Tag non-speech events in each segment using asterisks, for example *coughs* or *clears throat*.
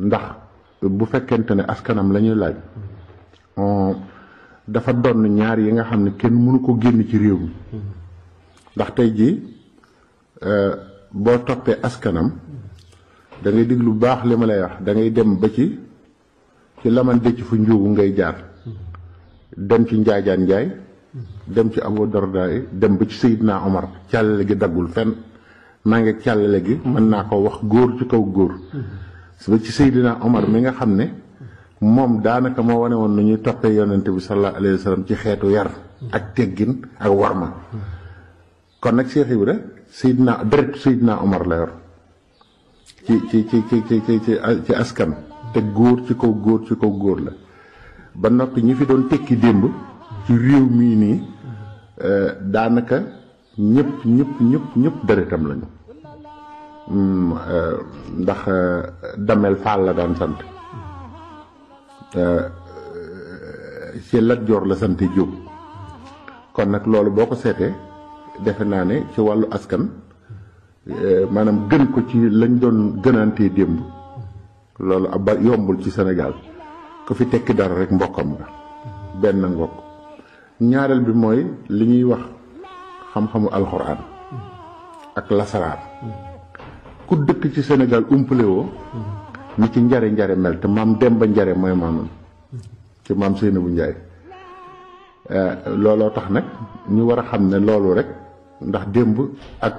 ndax bu fekkentene askanam la laaj laaj dafa don ñaar yi nga xamne kenn mënu ko genn ci réew mi ndax ji euh bo topé askanam da ngay déglu bax li lay wax da ngay dem ba ci ci laman ci fu njuugu ngay jaar dem ci njaajan njaay dem ci abou dardaay dem ba ci sayyidna omar càllale gi dagul fen ma nga càllale gi man naa ko wax goor ci kaw goor ba ci seydina omar mi nga xamne mom danaka mo woné won ñuy topé yonnante bi sallallahu alayhi wasallam ci xéetu yar ak teggin ak warma kon nak cheikh ibra omar la yor ci ci ci ci ci ci ci askan te goor ci ko goor ci ko goor la ba nopi ñi fi doon tekki demb ci réew mii nii eh, daanaka ñëpp ñëpp deretam lañu Mm, eh, ndax eh, damel fall la dan sant eh, ci la jor la sant djub kon nak lolu boko sété seetee defe ci walu askan manam gën ko ci lañ doon gënanté demb lolu ab yombul ci sénégal ko fi tek dar rek mbokam nga benn ngokk bi moy liñuy wax xam-xamu alcorane ak ku dëkk ci senegal umpale woo ni ci njare njare mel te maam Demba njare mooy maamam ci maam Seynabou Njaay eh, looloo tax nag ñu war a xam ne loolu rek ndax démb ak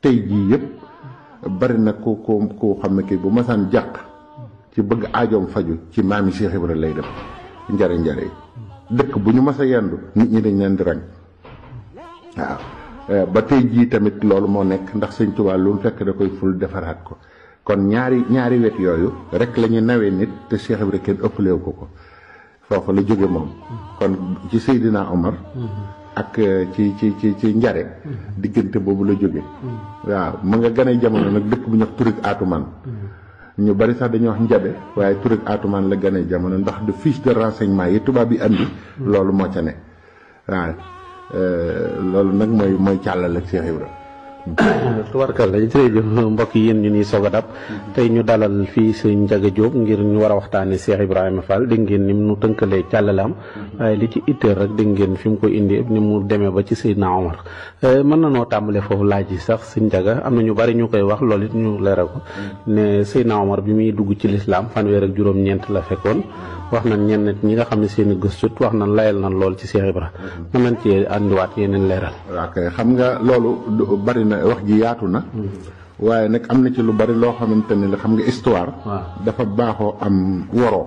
tey jii yépp bari na ku ku ku xam ne kii bu masaan jàq ci bëgg aajoom faju ci maami Cheikh Ibra lay dem njare njare yi dëkk bu ñu mas a yendu nit ñi dañ leen di rang waaw Euh, ba tey jii tamit loolu moo nekk ndax sëñ Tuubaa lu mu fekk da koy ful defaraat ko kon ñaari ñaari wet yooyu rek la ñu nawee nit te Cheikh Ibra kenn ëppaleewu ko ko foofu la jóge moom kon ci Seydina Omar ak euh, ci ci ci ci njare diggante boobu la jóge waaw mu nga gën jamono nag dëkk bu ñu wax turik atuman ñu bari sax dañu wax njabe waaye turik atuman la gën jamono ndax de fiche de renseignement yi tubaab yi andi mm. loolu moo ca ne waaw Euh, loolu nag mooy mooy càllal ak Cheikh Ibra tubarkal jërëjëf mbokk yeen ñu ni soga dab tay ñu dalal fi sëñ jage Jóob ngir ñu wara waxtane Cheikh Ibrahima Fall dégg ngeen ni eh, mu tënkalee cyallalam waaye li ci itteel rek dégg ngeen fim ko indi ni mu demee ba ci Seydina Omar eh, mën na noo tambalé fofu laaj yi sax sëñ jaga amna ñu bari ñu koy wax lolit ñu léra ko né Seydina Omar bi mi dugg ci lislaam fanweer ak juróom ñent la fekkon wax nañ ñenn ñi nga xamni seen i gëstut wax nañ layal nañ lool ci Cheikh Ibrahima mën nañ ci andi andiwaat yeneen wa kay xam nga lolu bari wax ji yaatu na. waaye nag am na ci lu bari loo xamante ne la xam nga histoire. dafa baaxoo am woroo.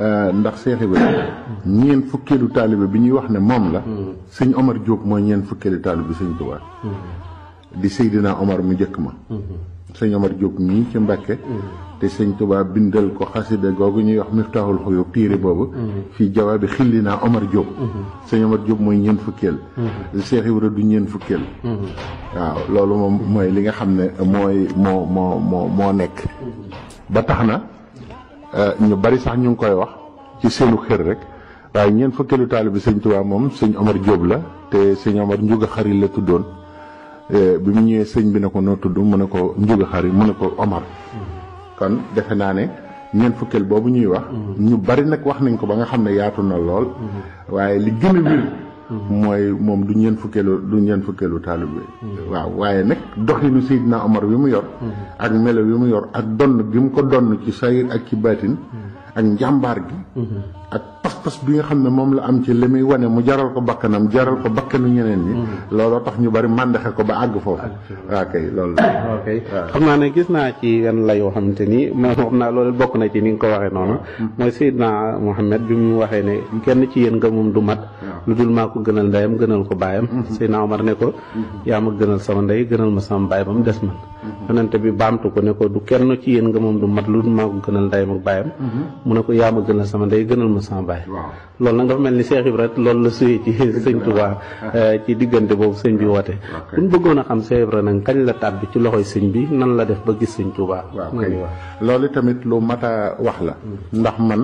Euh, ndax Cheikh Ibrahima ñeen fukkeelu taalibe bi ñuy wax ne moom la. Mm. sëñ Omar Diop mooy ñeen fukkeelu taalibe bi sëñ Tuubaa. Mm. di Seydina Omar mu njëkk ma. Mm-hmm. seigne Omar Diop mii ci Mbàkke mm-hmm. te seigne touba bindal ko xasida gogu ñuy wax miftahul xuyub téere bobu mm-hmm. fi jawaabi xilli Omar Diop mm-hmm. seigne Omar Diop moy ñeen fukel Cheikh Ibra du ñeen fukel waaw lolu mom moy li nga xam moy mo mo mo mo nek ba taxna euh, ñu bari sax ñu koy wax ci seenu xër rek waaye ñeen fukelu talib seigne touba mom seigne Omar Diop la te seigne Omar njuga xari la tudon Eh, bi mu ñëwee sëñ bi ne ko noo tudd mu ne ko njuga xari mu ne ko Omar kon defe naa ne ñeent fukkeel boobu ñuy wax ñu bari nag wax nañ ko ba nga xam ne yaatu na lool waaye li gën a wér mooy moom du ñeen fukkeelu du ñeen fukkeelu taalibe waaw waaye nag doxinu Seydina Omar bi mu yor ak melo bi mu yor ak donn gi mu ko donn ci sayir ak ci baatin ak njàmbaar gi ak pas-pas bi nga xamne mom la am ci limay wone mu jaral ko bakkanam jaral ko bakkanu ñeneen ni mm-hmm. looloo tax ñu bari màndaxe ko ba ag fofu waa kay loolu *coughs* ok xam ne gis na ci yeen la yo xamanteni mo xamna loolu na ci ni nga ko waxee nonu moy mm-hmm. sayyidna muhammad bi mu waxee ne kenn ci yeen nga moom du mat lu mako gënal ndayam gënal ko bayam mm-hmm. sayyidna umar ne ko ya ma gënal sama ndey gënal ma sama bay bam dess man yonente bi bamtu ko ne ko du kenn ci yeen nga du mat lu mako gënal ndayam ak bayam mu ne ko ya ma gënal sama ndey gënal ma sama Baye lool nak dafa melni Cheikh ibrahim lool la suuy ci seigne Touba eh, ci diggante bobu seigne bi waté buñ bëggona xam Cheikh ibrahim nak kañ la tàbbi ci loxoy seigne bi nan la def ba gis seigne Touba loolu tamit lu mata wax la mm. ndax man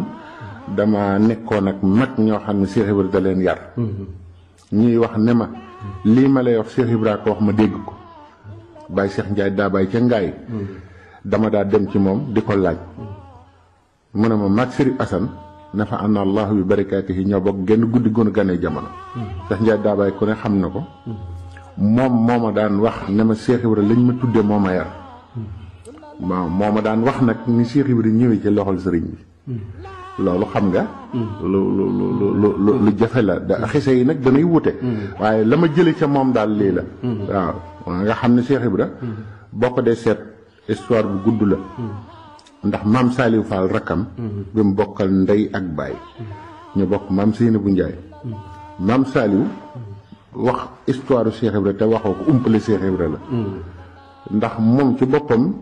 dama nekko nak mag ño xamni Cheikh ibrahim da len yar mm-hmm. ñuy wax ne ma lii ma lay wax Cheikh ibrahim ko wax ma dégg ko bay Cheikh ndjay da bay ca ngaay mm. dama da dem ci mom diko laaj mm. mu ne ma mag Serigne Assane nafa an allah bi barakaatihi ñoo bokk genn guddi gënu gane jamono. Cheikh Ndiaye Dabaye ku ne xam na ko. moom moo ma daan wax ne ma Cheikh Ibra lañ ma tuddee moo ma yar. waaw moo ma daan wax nag ni Cheikh ñëwee ci loxol sëriñ bi. loolu xam nga. lu lu lu lu jafe la da xise yi nag danay wute. waaye la ma jëlee ca moom daal lii la. waaw nga xam ne Cheikh Ibra. boo ko dee seet histoire bu gudd la. ndax maam Saliou Fall rakkam mm-hmm. bi mu bokkal ndey ak baay mm-hmm. ñu bokk maam si Seynabou Ndiaye mm-hmm. maam Saliou wax histoire Cheikh Ibra te waxoo ko umpale Cheikh Ibra la ndax moom ci boppam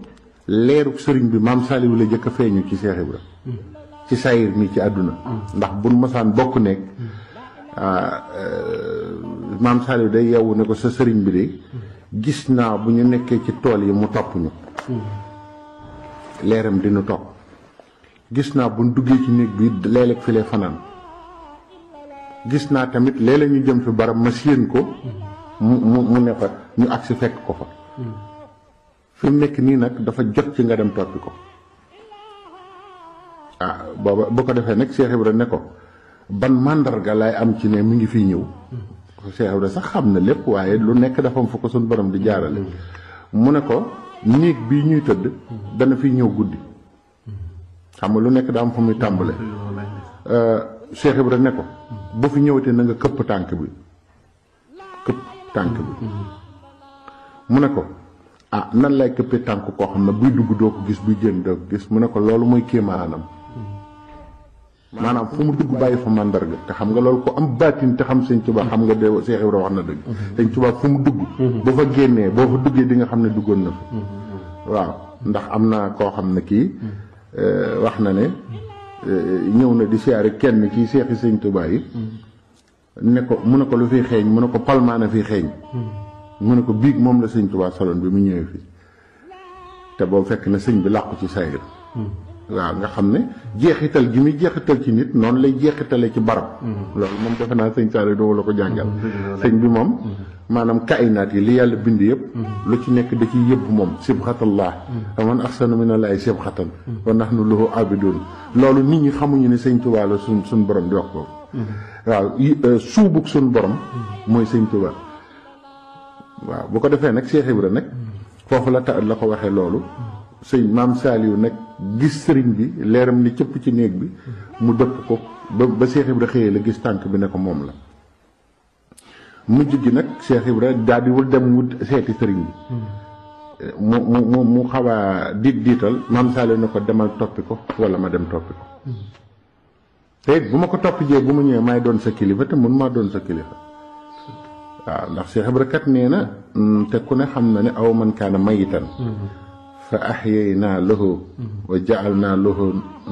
leeru sëriñ bi maam Saliou la jëkk a feeñu ci Cheikh Ibra ci sayir mi ci àdduna ndax buñ masaan bokk nekk ah, euh, maam Saliou day yewwu ne ko sa sëriñ bi de gis naa bu ñu nekkee ci tool yi mu topp leeram dinu topp gis naa buñ duggee ci néeg bi léeg-léeg fi lay fanaan gis naa tamit léeg-léeg ñu jëm fi barab ma séen ko mu mu mu ne fa ñu agsi fekk ko fa fi mu nekk nii nag dafa jot ci nga dem toppi ko ah booba bu ko defee nag Cheikh Ibra ne ko ban màndarga lay am ci ne mi ngi fii ñëw Cheikh Ibra sax xam na lépp waaye lu nekk dafa am fu ko suñ borom di jaarale mm-hmm. mu ne ko néeg bii ñuy tëdd dana fi ñëw guddi xam nga lu nekk daa am fu muy tàmbale bi euh, Ibra ne ko ba fi ñëwatee na nga këpp tànk bi këpp tànk bi mu ne ko ah nan lay këppee tànk koo xam ne buy dugg doo ko gis buy jën doo ko gis mu ne ko loolu mooy kéemaanam maanaam fu mu dugg bàyyi fa màndarga te xam nga loolu ko am baatin te xam sëñ Tuubaa xam nga de Seex Ibra wax na dëgg sëñ Tuubaa fu mu dugg ba fa génnee boo fa duggee di nga xam ne duggoon na fa waaw ndax am na koo xam ne kii euh, wax na ne euh, ñëw na di siyaare kenn kii seexi sëñ Tuubaa yi ne ko mu ne ko lu fiy xeeñ mu ne ko palmaana fiy xeeñ mu ne ko biig moom la sëñ Tuubaa soloon bi mu ñëwee fii te boobu fekk na sëñ bi làqu ci sayir waaw nga xam ne jeexital gi muy jeexital ci nit noonu lay jeexitale ci barab loolu moom defe naa sëñ Saare doo la ko jàngal sëñ bi moom maanaam kaaynaat yi li yàlla bind yëpp lu ci nekk da ciy yëbb moom sibxatallah aman axsanu min allahi sibxatan wa nahnu lahu abidun loolu nit ñi xamuñu ne sëñ Tuubaa la suñ suñ borom di wax ko waaw suubug suñ borom mooy sëñ Tuubaa waaw bu ko defee nag Cheikh Ibra nag foofu la ta la ko waxee loolu sëñ maam Saliou nag gis sëriñ bi leeram li cëpp ci néeg bi mu dëpp ko ba ba Cheikh Ibra xëyee la gis tànk bi ne ko moom la mujj gi nag Cheikh Ibra daal di wul dem wut seeti sëriñ bi hmm. mu mu mu mu xaw a diit diital maam Saliou ne ko demal toppi ko wala ma dem toppi ko hmm. te bu ma ko topp jee bu ma ñëwee maay doon sa kilifa te mun maa doon sa kilifa hmm. waaw ndax Cheikh Ibra kat nee na te ku ne xam na ne aw man kaana mayitan fa naa lahu mm-hmm. wa jacalnaa lahu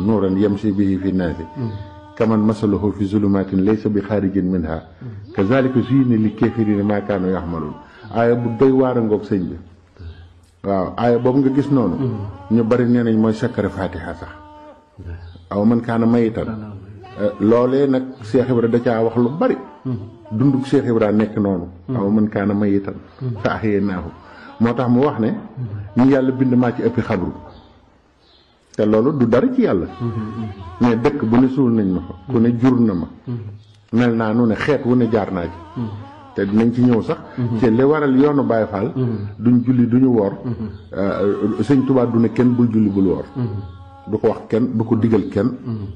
nuuran yamshi bihi fi nnaasi mm-hmm. kaman masaluhu fi zulumaatin laysa bi xaarijin minha mm-hmm. kazalika zuyina li kaafiriina maa kaanu yaxmaluun aaya bu doy waar a ngoog sëñ bi waaw aaya boobu nga gis noonu ñu bari nee nañ mooy sakkare faatiha sax aw man kaana mayitan eh, loolee nag Cheikh Ibra da caa wax lu bari dundug Cheikh Ibra nekk noonu aw man kaana mayitan fa axyaynaahu moo tax mu wax ne ñu yàlla bind maa ci ëpp xabru te loolu du dara ci yàlla mais dëkk bu ne suul nañ ma fa ku ne jur na ma mel naa nu ne xeet wu ne jaar naa ci te dinañ ci ñëw sax ci li waral yoonu Baye Fall duñ julli duñu woor euh, sëñ Tuubaa du ne kenn bul julli bul woor du ko wax kenn bu ko digal kenn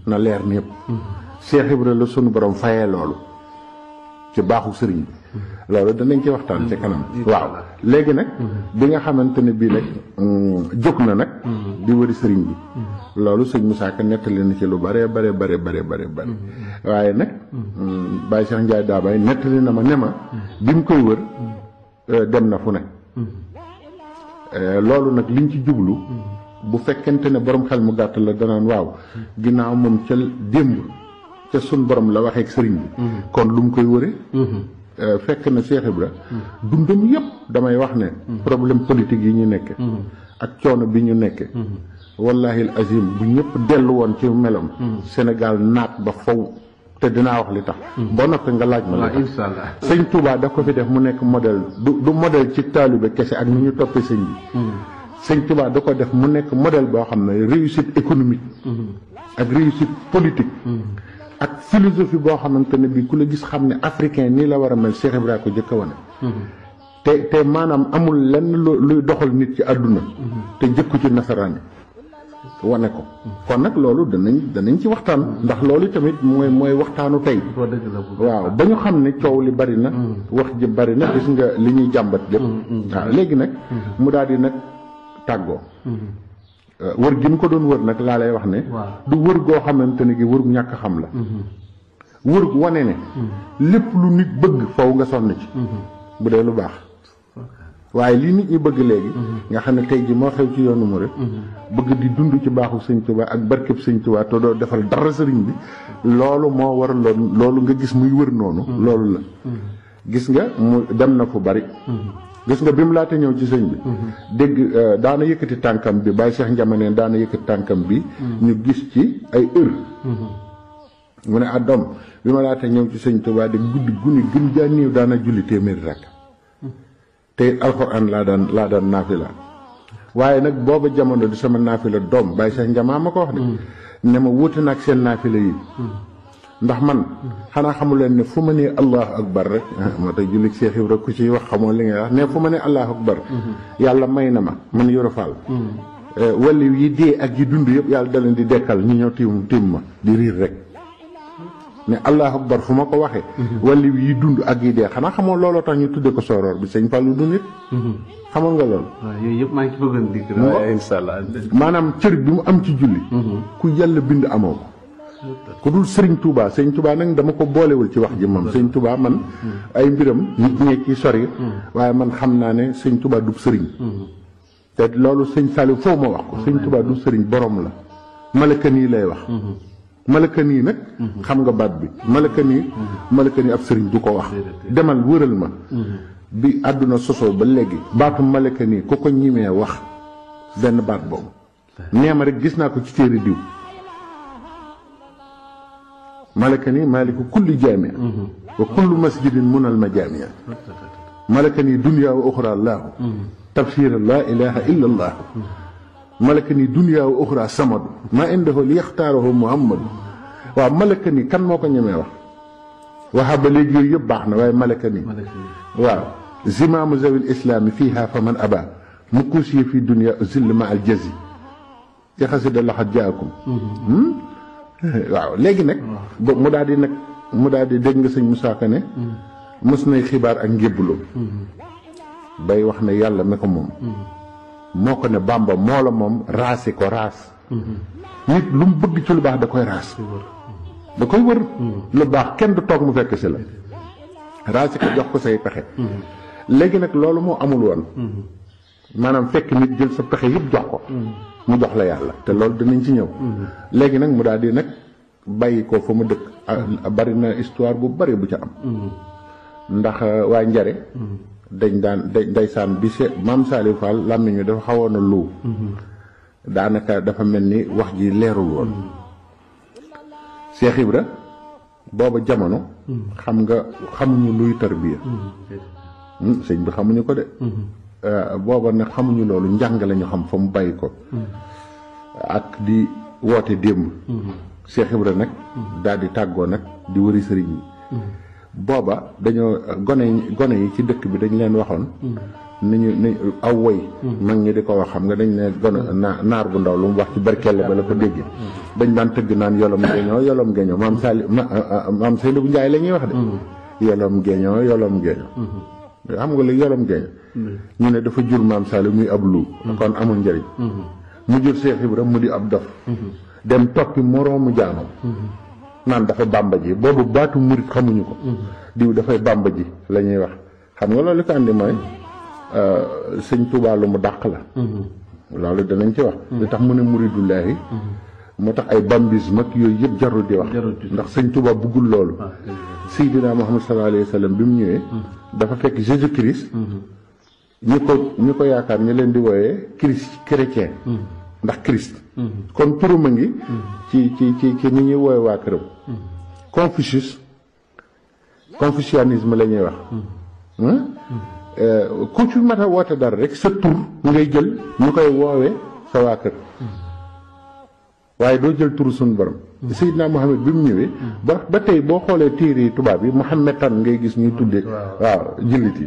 na leer ñëpp Cheikh Ibra la sunu borom fayee loolu ci baaxu sëriñ bi loolu danañ ci waxtaan ci kanam waaw léegi nag bi nga xamante ne bii nag mm, jóg na nag mm-hmm. di wëri sëriñ bi mm-hmm. loolu sëñ Moussa Ka nettali na ci lu bare bare bare bare bare bare mm-hmm. waaye nag mm, Baye Cheikh Ndiaye Daabay nettali na ma ne ma bi mu koy wër euh, dem na fu ne euh, loolu nag liñ ci jublu bu fekkente ne boroom xel mu gàtt la danaan waaw ginnaaw moom ca démb ca sun borom la waxee ak sëriñ bi kon lu mu koy wëre Euh, fekk na Cheikh Ibra dundam yëpp damay wax ne problème politique yi ñu nekke ak coono bi ñu nekke wallahi azim bu ñëpp dellu woon ci melam Sénégal naat ba faw te dinaa wax li tax boo noppee nga laaj ma la tax sëñ Touba daf ko fi def mu nekk modèle du du modèle ci taalibe kese ak ni ñu toppee sëñ bi sëñ tubaa da ko def mu nekk modèle boo xam ne réussite économique ak réussite politique ak philosophie boo xamante ne bii ku la gis xam ne africain nii la war a mel Cheikh Ibrahima ko jëkk wane mhm. te te maanaam amul lenn luy doxal nit ci àdduna mhm. te jëkku ci nasaraan wane ko kon nag loolu danañ danañ ci waxtaan mhm. ndax loolu tamit mooy mooy waxtaanu tey waaw ba xam ne coow li bari na wax ji bari na gis nga li ñuy jàmbat lépp léegi nag mu daal di nag tàggoo Euh, wër gi mu ko doon wër nag laa lay wax ne. du wër goo xamante ne gi wër gu ñàkk xam la. Mm-hmm. wër gu wane ne. Mm-hmm. lépp lu nit bëgg faw nga sonn ci. Mm-hmm. bu dee lu baax. waaye lii nit ñi bëgg léegi. nga xam ne tey jii moo xew ci yoonu murit bëgg di dund ci baaxu sëñ Tuubaa ak barkeb sëñ Tuubaa te doo defal dara sëriñ bi loolu moo waraloon loolu nga gis muy wër noonu. loolu la. gis nga mu dem na fu bari. gis nga bi mu laata ñëw ci sëñ bi. Mhm. dégg euh, daana yëkkati tànkam bi bàyyi seex njamaneen daana yëkkati tànkam bi. Mhm. ñu gis ci ay heure mhm. mu ne ah doom bi ma laata ñëw ci sëñ Tuubaa di guddi guni gën jaa daana julli téeméeri rakk te alxuraan laa daan laa daan naafila waaye nag booba jamono di sama naafila doom bàyyi seex njamaa ma ko wax de. ne ma wuute nag seen naafila yi. ndax man xanaa xamu leen ne fu ma ne allahu akbar rek *laughs* moo tax jullit Cheikh Ibra ku ci wax xamoo li ngay wax ne fu ma ne allahu akbar mhm. yàlla may na ma man Yoro Fall mhm. eh, waliw yi dee ak yi dund yëpp yàlla da leen di dekkal ñu ñëw tiim tiim ma di riir rek ne allahu akbar fu ma ko waxee mhm. waliw yi dund ak yi dee xanaa xamoo looloo tax ñu tudde ko sooroor bi sëñ Fallou du nit xamoon nga loolu yooyu yëpp maa ngi ci bëggoon maanaam cër bi mu am ci julli ku yàlla bind amoo ku dul sëriñ Touba sëriñ Touba nag dama ko boolewul ci wax ji moom sëriñ Touba man ay mbiram nit ñee ci sori waaye man xam naa ne sëriñ Touba du sëriñ te loolu sëriñ Saliou foo ma wax ko sëriñ Touba du sëriñ borom la malaka nii lay wax malaka nii nag xam nga baat bi malaka nii malaka nii ab sëriñ du ko wax demal wëral ma bi àdduna sosoo ba léegi baatu malaka nii ku ko ñimee wax benn baat boobu nee rek gis naa ko ci téere diw ملكني مالك كل جامع وكل مسجد من المجامع ملكني دنيا وأخرى الله تفسير لا إله إلا الله ملكني دنيا وأخرى سمد ما عنده ليختاره محمد وملكني كان موكا نيمي وهب لي يب باخنا واي ملكني واو زمام ذوي الإسلام فيها فمن أبى مكوسي في الدنيا ازل مع الجزي يا خسد الله حجاكم *laughs* waaw léegi nag. boobu mu daal di nag mu daal di dégg nga sëñ Moussa Ka ne. mës hmm. nay xibaar ak njébbalu. Hmm. bay wax ne yàlla mi ko moom. Hmm. moo ko ne bàmba moo la moom raasi ko raas. nit lu mu bëgg ci lu baax da koy raas. da koy wër. lu baax kenn du toog mu fekk si la. raasi ko jox ko say pexe. léegi nag loolu moo amul woon. maanaam fekk nit jël sa pexe yëpp jox ko. mu jox la yalla te lol dinañ ci ñew mhm. legi nak mu daldi di bayiko fu mu dekk ah. ah, bari na histoire bu bari bu ci am mhm. ndax euh, way ndare mhm. dañ daan ndeysaan bi se mam Saliou Fall làmmiñu dafa xawona lu danaka dafa melni wax ji leerul won Cheikh Ibra jamono xam nga xamuñu luy tarbiya hmm, seigne bi xamuñu ko de Euh, booba nag xamuñu loolu njàng lañu xam fa mu bàyyi ko ak di woote démb Cheikh Ibra nag daal di tàggoo nag di wëri sëriñ bi booba dañoo gone gone yi ci dëkk bi dañ leen waxoon nañu nañ aw woy mag ñi di ko wax xam nga dañ ne gone naar bu ndaw lu mu wax ci barkelle ba la ko déggee dañ daan tëgg naan yolom géeñoo yolom géeñoo maam Sali maam Seydou bu la lañuy wax de mm-hmm. yolom géeñoo yolom géeñoo xam nga lu yolom géeñoo ñu ne dafa jur maam Saliou muy ab lu kon amul njëriñ mu jur Cheikh Ibra mu di ab dof dem toppi moroomu jaamam naan dafa bàmba ji boobu baatu murit xamuñu ko diw dafay bàmba ji lañuy ñuy wax xam nga loolu li ko andi mooy euh, sëñ Tuubaa lu mu dàq la loolu danañ ci wax li tax mu ne muridullaahi moo tax ay bambisme ak yooyu yëpp jarul di wax ndax sëñ Tuubaa buggul loolu ah, Seydina Muhammad sallallahu alayhi wa sallam bi mu ñëwee hmm. dafa fekk Jésus Christ hmm. ñi ko ñi ko yaakaar ñu leen di wooyee christ chrétien hmm. ndax christ hmm. kon turam a ngi hmm. ci ci ci ci ñi ñuy wooye waa këram confucius confucianisme la ñuy wax eh, ku ci mat a woote dara rek sa tur ngay jël ñu koy woowe sa waa kër waaye doo jël turu suñu borom Mm-hmm. naa Mohamed bi mu ñëwee. Mm-hmm. ba ba tey boo xoolee tiir yi tubaab yi Mohamed tan ngay gis ñuy mm-hmm. tuddee. waaw jullit yi.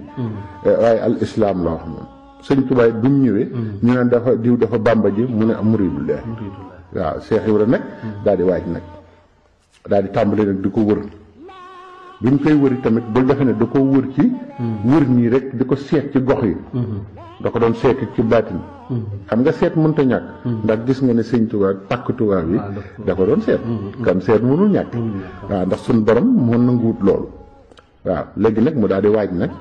Eh, waaye al islam la wax moom sëñ Tuubaa bi mu ñëwee. ñu naan dafa diw dafa bàmba ji mu ne muridu la waaw Cheikh Ibra nag. daal di waaj nag daal di tàmbali nag di ko wër. bi mu koy wëri tamit bul defe ne da ko wër ci. wër nii rek di ko seet ci gox yi. Hmm. Hmm. Ah, da ko doon seet ci hmm. batin xam nga seet ta ñak ndax gis nga ni seigne touba tak touba wi da ko doon seet kon seet mënul ñàkk waaw ndax sun borom mo na lool wa waaw nak mu daldi waj nak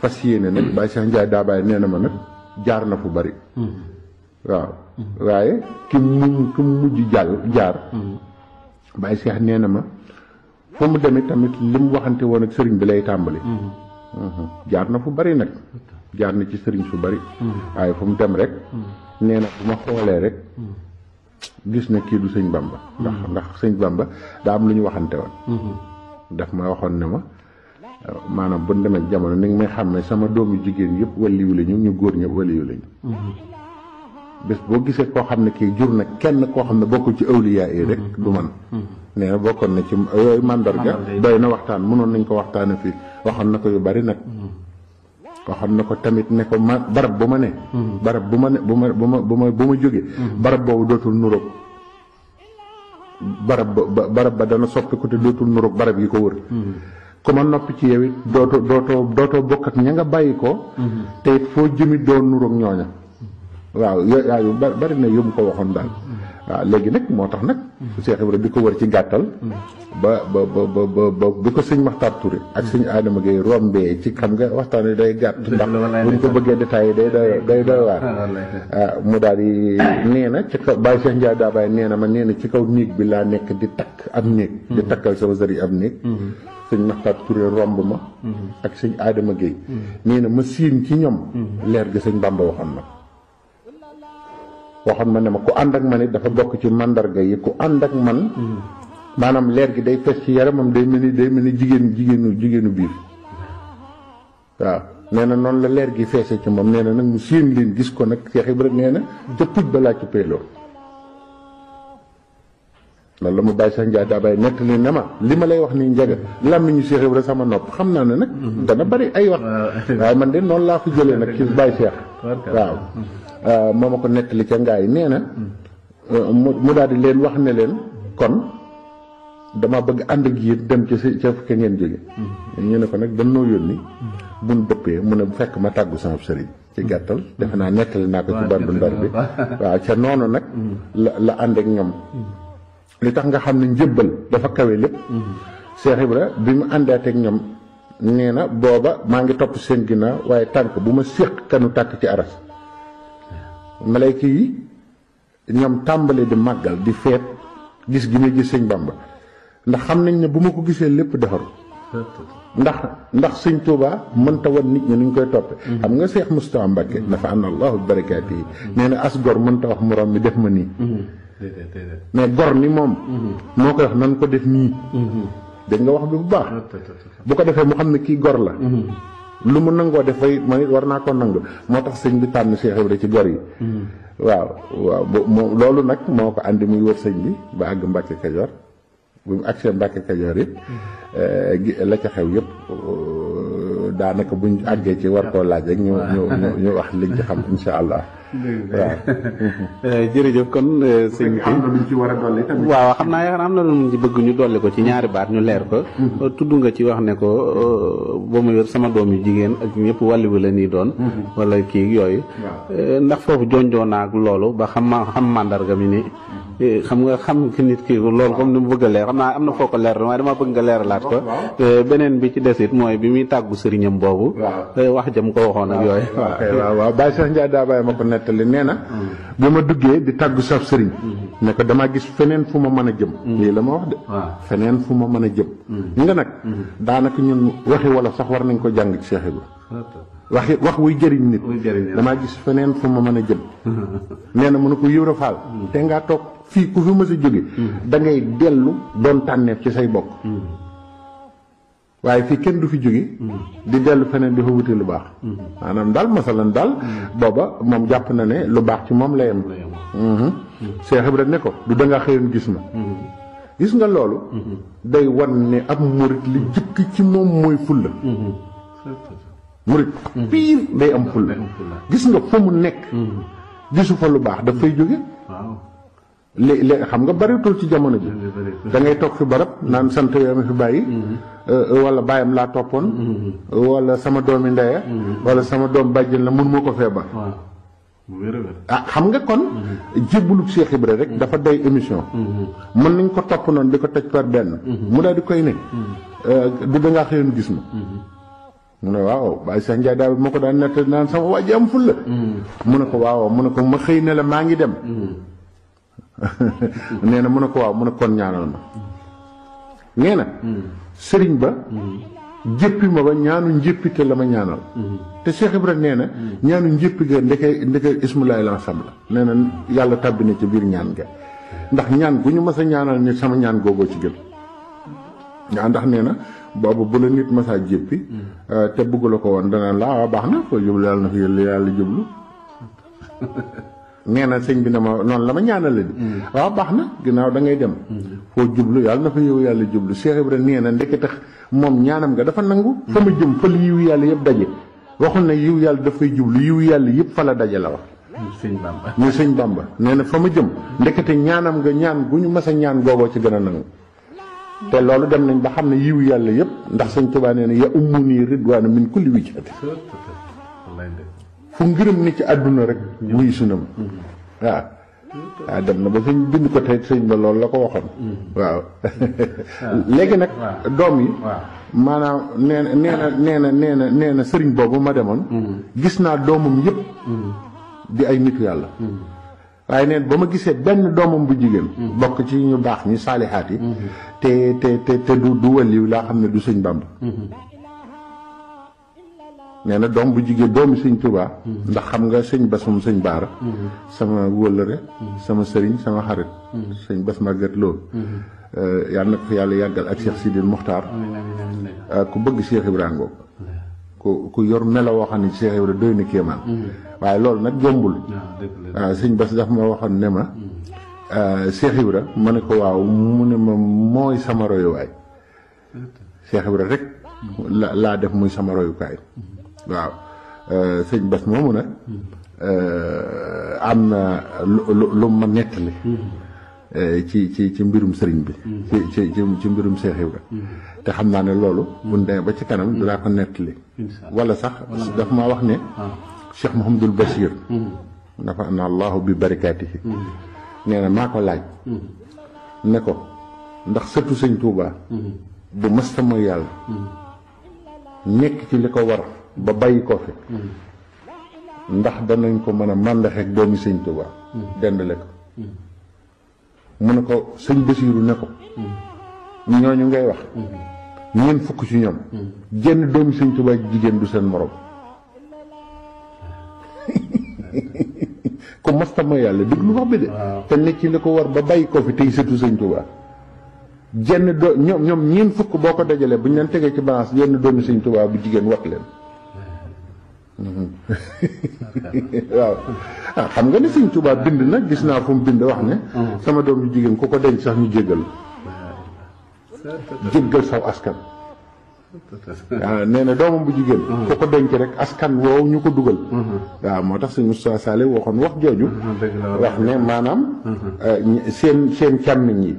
fas yéene sax njaay da bay neena ma nak jaar na fu bari wa waye ki mu ki mujj jall jaar bàyyi seex neena ma fu mu demee tamit lim waxante won ak sëriñ bi lay tàmbali jaar na fu bari nak jaar na ci sëriñ su bari waaye fu mu dem rek nee na bu ma xoolee rek gis na kii du sëñ bamba ndax mm-hmm. ndax sëñ bamba daa am lu ñu waxante woon mm-hmm. daf ma waxoon ne ma maanaam bu demee jamono ni nga may xam ne sama doomu jigéen yëpp waliyu lañu ñu góor ñëpp waliyu lañu mm-hmm. bés boo gisee koo xam ne kii jur na kenn koo xam ne bokkul ci awliyaa yi rek du man nee na bokkoon na ci yooyu màndarga doy na waxtaan mënoon nañ ko waxtaane fii waxoon na ko yu bari nag xam na ko tamit ne ko ma barab bu ma ne. Mm-hmm. barab bu ma ne bu ma bu ma bu ma bu ma jógee. Mm-hmm. barab boobu dootul nuroog barab ba barab ba dana soppiku te dootul nuroog barab yi ko wër. Mm-hmm. ku ma noppi ci yow it dootoo dootoo dootoo bokk ak ña nga bàyyi ko. te foo jëmi doo nuroog ñooña. waaw yo bari na yu mu ko waxoon daal. waaw léegi nag moo tax nag. Cheikh Ibra di ko wër ci gàttal. ba ba ba ba bi ko sëñ Maxtaar Touré. ak sëñ Adama Gueye rombee ci xam nga waxtaan wi day gàtt. ndax buñ ko bëggee détaillé day day day doy waa *laughs* ah, mu daal di nee na ci kaw Baye Cheikh Ndiaye daa bàyyi nee na ma nee ci kaw néeg bi laa nekk di takk am néeg. Mm-hmm. di takkal sama sëriñ am néeg. Mm-hmm. sëñ Maxtaar Touré romb ma. Mm-hmm. ak sëñ Adama Gueye. nee na ma siin ci ñoom. leer gi sëñ Bamba waxoon na. waxon ma ne ma ku and ak man dafa bok ci mandarga yi ku and ak man manam hmm. leer gi day fess ci yaramam day melni jigenu day melni jigen jigenu non lelergi wa waaw non la leer gi feese ci mom nee nak mu seen leen gis ko nak Cheikh Ibrahima nee na ca ba ci pelo la mu bay sax da bay net li nama lima lay wax ni Cheikh sama nopp xamna na nak hmm. dana bari ay wax *laughs* waaye man de non la fi jëlee nak ci bay Cheikh waaw Euh, mama ko netali ca ngaay nee na euh, mu daal di leen wax ne leen kon dama bëgg ànd ak yéen dem ci ca ka ngeen jóge ñu ne ko nag dañ noo yónni buñ dëppee mu ne fekk ma tàggu sama sëriñ ci gàttal defe naa nettali naa ko ci bandu ndar bi *laughs* waaw ca noonu nag la la ànd ak ñoom li tax nga xam ne njëbbal dafa kawe lépp Cheikh Ibra bi mu àndaateeg ñoom nee na booba maa ngi topp seen ginnaaw waaye tànk bu ma séq kanu tàkk ci aras malayka yi ñoom tàmbali di màggal di feet gis gi may gis sëñ Bamba ndax xam nañ ne bu ma ko gisee lépp defaru ndax ndax sëñ Touba mënta wan nit ñi nuñ koy toppe xam nga seex Cheikh Moustapha Mbacke dafa am allahu barakaati yi nee na as mënta wax morom mi def ma nii mais gor ni moom moo koy wax nan ko def nii dañ nga wax bi bu baax bu ko defee mu xam ne kii gor la lu mu nangoo def fay man it war naa ko nangu moo tax sëñ bi tànn Cheikh rek ci gor yi. Mm. waaw waaw moom loolu nag moo ko andi muy wër sëñ bi ba àgg Mbàkke Kajoor bu mu àgsee Mbàkke Kajoor it eh, la ca xew yëpp eh, daanaka ñu àggee ci war koo laaj rek ñu ñu ñu wax liñ ci xam incha allah. waaw *laughs* eh, jërëjëf kon eh, sëñ bi am ci war dolli tamit waaw xam naa yaakaar am na lu ci bëgg ñu dolli ko ci ñaari baat ñu leer ko mm-hmm. tudd nga ci wax ne ko eh, ba wér sama doom yu jigéen ak ñëpp wàlliwu la nii doon mm-hmm. wala kii yooyu ndax foofu jonjoo naa loolu ba xam xam màndarga mi ni mm-hmm. xam nga xam ki nit ki loolu comme ni mu bëgg a leer xam naa am na foo ko leer waaye dama bëgg nga leeralaat ko beneen bi ci desit mooy bi muy tàggu sëriñam boobu wax jëm ko waxoon ak yooyu *laughs* waaw waaw Baye Cheikh Ndiaye daa bàyyi ma ko net nettali nee na. bi ma duggee di tàggu saf sëriñ. ne ko damaa gis feneen fu ma mën a jëm. Mm. lii la ma wax de. feneen fu ma mën a jëm. ñu mm. nga nag. Mm-hmm. daanaka ñun waxi wala sax war nañ ko jàng ci Cheikh Ibra. waxi wax wuy jëriñ nit. damaa gis feneen fu ma mën a jëm. *laughs* nee na mënu ko yëwra faal. Mm. te ngaa toog fii ku fi mës a jóge. da ngay dellu doon tànneef ci say bokk. waaye fii kenn du fi jóge di dellu feneen di fa wuti lu baax mhm. maanaam daal masalan daal mhm. booba moom jàpp na ne lu baax ci moom la yem mhm. Cheikh Ibra ne ko du danga xëyoon gis ma nga loolu day wan ne ak murit li jëkk ci moom mooy fulla murit piir day am fulla gis nga fa mu nekk gisu fa lu baax daf fay jóge léeg-léeg xam nga tool ci jamono ji da ngay toog fi barab naan sant yoo ma fi bàyyi Euh, euh, wala bàyyam laa toppoon. Mm-hmm. wala sama doomi ndeya. Mm-hmm. wala sama doom bàjjen na mun moo ko feebar ah xam nga kon. Mm-hmm. jébbalub Cheikh Ibra rek dafa doy émission. mën nañ ko topp noonu di ko toj par benn. mu daal di koy ne. Euh, du dangaa xëyoon gis ma. mu ne waaw Baye Cheikh Ndiaye daal moo ko daan nett naan sama waa am ful la. mu ne ko waaw mu ne ko ma xëy ne la maa ngi dem. *laughs* nee na mu ne ko waaw mu ne kon ñaanal ma nee sëriñ ba mhm. jéppi ma ba ñaanu njéppite la ma ñaanal mhm. te Cheikh rek nee na mhm. ñaanu njéppi ga ndeke ndeke ismulaay l'ensemble nee na yàlla tàbbi na ci biir ñaan ga ndax ñaan gu ñu mas a ñaanal nit sama ñaan googoo ci gën ñaa ndax nee na boobu bu la nit masaa jéppi euh, te bëgg la ko woon dana laa ah, waa baax na ko jublu yàlla na fi yàlla jublu *laughs* nee na sëñ bi ne ma noonu la ma ñaanale di mm. waaw baax na ginnaaw dangay ngay dem mm. foo jublu yàlla na fa yow yàlla jublu Cheikh Ibra nee na ndeketax moom ñaanam nga dafa nangu fa ma jëm fël yiw yàlla yëpp daje waxul na yiw yàlla dafay jublu yiw yàlla yëpp fa la daje la wax muy sëñ Bamba nee na fa ma jëm ndekete ñaanam nga ñaan gu ñu mas ñaan googoo ci gën a nangu te loolu dem nañ ba xam ne yiw yàlla yëpp ndax sëñ Tuubaa nee na ya ummu nii ridwaanu min kulli wijhati fu ngërëm ni ci àdduna rek muy sunam waaw waaw dem na ba sëñ bind ko tey sëñ ba loolu la ko waxoon waaw *laughs* léegi nag doom yi maanaam nee na nee na nee na sëriñ boobu ma demoon mm-hmm. gis naa doomam yëpp mm-hmm. di ay nitu yàlla mm-hmm. waaye neen ba ma gisee benn doomam bu jigéen bokk ci ñu baax ñi saalihaat yi te te te te du du laa xam ne du sëñ Bàmba nee na doom bu jigéen doomi sëñ Touba. Mm-hmm. ndax xam nga sëñ basum sëñ Baara. Mm-hmm. sama wëllëre mm-hmm. sama sëriñ sama xarit. sëñ bas màggat lool. Euh, yàlla na ko fi yàlla yàggal ak Cheikh Sidil Muxtaar. Euh, ku bëgg Cheikh Ibrahima ngoog. ku ku yor melo woo xam ne Cheikh Ibrahima doy na kéemaan. waaye loolu nag jombul. waaw euh, sëñ bas daf ma waxoon ne ma. Cheikh Ibrahima ma ne ko waaw mu ne ma mooy sama royuwaay. Cheikh Ibrahima rek. laa def muy sama royukaay. waaw euh, sëñ Bass moomu nag euh, am na lu lu ma nettali euh, ci ci ci mbirum sëriñ bi ci ci ci mbirum Cheikh Ibra te xam naa ne loolu buñ demee ba ci kanam dinaa wala sax dafa maa wax ne ah. Cheikh Mouhamadul Bachir nafa hmm. na allahu bi barakaatihi hmm. nee na maa ko laaj hmm. ne ko ndax sëtu sëñ Tuubaa bu masta mooy yàlla nekk ci li ko war ba bàyyi ko fi ndax nañ ko mëna a màndaxeeg doomi sëñ Tuubaa dendale ko mu ne ko sëñ Basiiru ne ko ñooñu ngay wax ñeen fukk ci ñom jenn doomi sëñ Tuubaa jigen du seen morom *laughs* ko mastama yàlla déglu wax bi de te ne ci li war ba bàyyi ko fi tey sëtu sëñ touba jenn do ñom ñeen fukk boko dajale dajalee leen ci balance yenn doomi sëñ touba bu jigen wat leen *laughs* waaw ah xam nga ne sëñ Tuubaa bind na gis naa fu bind wax ne. Mm. sama doom bu jigéen ku ko denc sax ñu jéggal. jéggal saw askan. Ah, nee na doomam bu jigéen. Mm. ku ko denc rek askan woow ñu ko dugal. Mm-hmm. waaw moo tax sëñ Moustapha Sall waxoon wax jooju. Mm-hmm, wax ne maanaam. Mm-hmm. Eh, seen seen càmmiñ yi.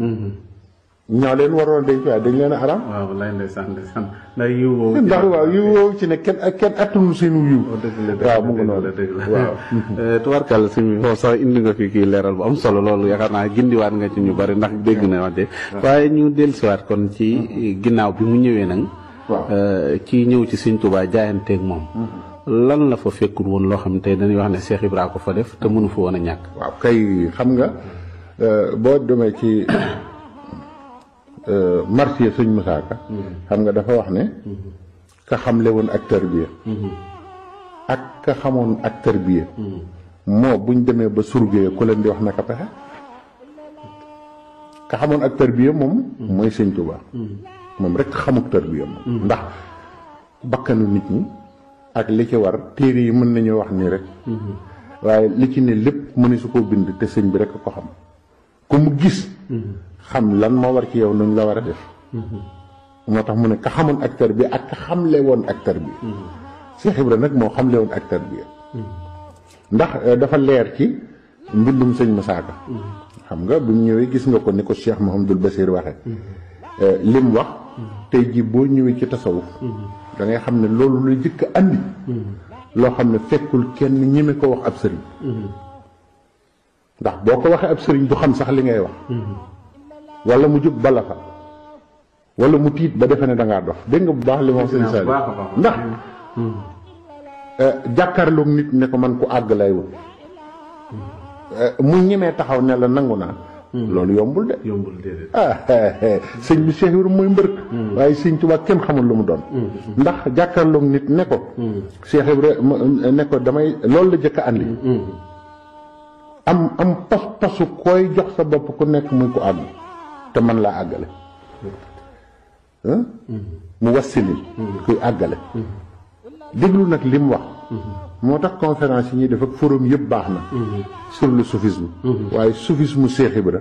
ñoo leen waroon denc waaye dañ leen a aram. waaw walaay ndeysaan ndeysaan yiw woowu. ndax ci ne kenn ak kenn attul seen yiw. Oh, waaw mu ngi noonu dëgg la waaw. *laughs* Eh, tubarkàlla suñu foofu sax leeral bu am solo loolu yaakaar naa gindiwaat nga ci ñu bari ndax dégg na wax de. waaye ñu dellusiwaat kon ci ginnaaw bi mu ñëwee nag. waaw eh, ci ñëw ci Sëñ Tuubaa jaayanteeg moom. Mm-hmm. lan la fa fekkul woon loo xam tey dañuy wax ne Cheikh Ibra ko fa def te mënu fa woon a ñàkk. waaw xam nga eh, boo demee ci Euh, marché sëñ Moussa Ka mm-hmm. xam nga dafa wax ne mm-hmm. ka xamle woon ak tarbiya mm-hmm. ak ka xamoon ak tarbiya moo buñ demee ba surgee ku leen di wax naka pexe ka xamoon ak tarbiya moom mooy sëñ Tuubaa moom rek xamuk tarbiya moom ndax bakkanu nit ñi ak li ci war téere yi mën nañu wax nii rek waaye li ci ne lépp mëne su ko bind te sëñ bi rek ko xam ku mu gis xam lan moo war ci yow nuñ la war a def moo tax mu ne ka xamoon acteur bi ak ka xamle woon acteur bi Cheikh Ibra nag moo xam xamle woon acteur bi ndax euh, dafa leer ci mbindum sëñ Musaa Ka xam nga bu ñëwee gis nga ko ni ko Cheikh Mouhamadul Basir waxe euh, lim wax tey jii boo ñëwee ci tasawuf da ngay xam ne loolu lu jëkk andi loo xam ne fekkul kenn ñeme ko wax ab sëriñ ndax boo ko waxee ab sëriñ du xam sax li ngay wax wala mu jub walau wala mu tiit ba defene da nga dof de nga bax baax li ma wax sëñ Sali ndax eh, lu nit ne ko man ku ag lay euh mu ñime taxaw ne la nanguna naa yombul de yombul de ah, Cheikh moy waye seigne ken xamul lu mu doon hmm. ndax lu nit ne ko hmm. Cheikh ibra eh, ne ko damay la jëk andi hmm. am am pas pasukoi koy jox sa bop ku nek muy ko te man laa àggale mu wassilil kuy àggale déglu nag li mu wax moo tax conférence yi ñuy def ak forum yëpp baax na sur le soufisme waaye soufisme Cheikh Ibra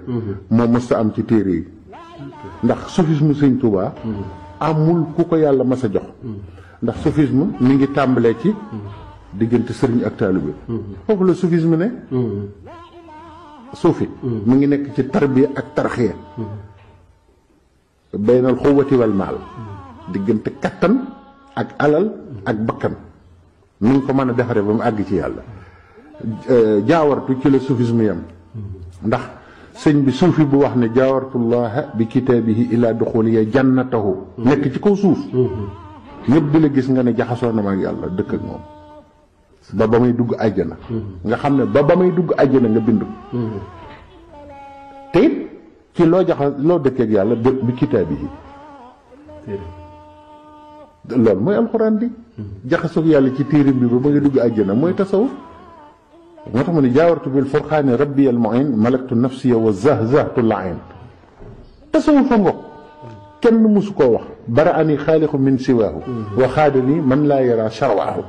moo mës sa am ci téere yi ndax soufisme Sëñ Tuubaa amul ku ko yàlla mas a jox ndax soufisme mi ngi tàmbalee ci diggante sëriñ ak taalibe foofu la soufisme ne suufi mu ngi nekk ci tarbiya ak tarxiya baynal xuwati wal maal diggante kattan ak alal ak bakkan nu ngi ko mën a defaree ba mu àgg ci yàlla euh, jaawartu ci la soufisme yam ndax sëñ bi suufi bu wax ne jaawartullaha bi kitaabihi ilaa duxuliya jannatahu nekk ci kaw suuf mm-hmm. ñëpp di la gis nga ne jaxasoo na ma ak yàlla dëkk ak moom ba ba may dugg àjjana nga xam ne ba ba may dugg àjjana nga bindu te it loo jaxa loo dëkkeek yàlla dë bi kitaab yi loolu mooy alxuraan di jaxasoog yàlla ci téerim bi ba ba nga dugg àjjana mooy tasawuf moo tax ma ne jaawartu bil furqaani rabbi al muin malaktu nafsiya wa zahzahtu lain tasawuf a ngoog kenn mosu koo wax bara ani xaaliqu min siwaahu wa xaadani man laa yara charwaahu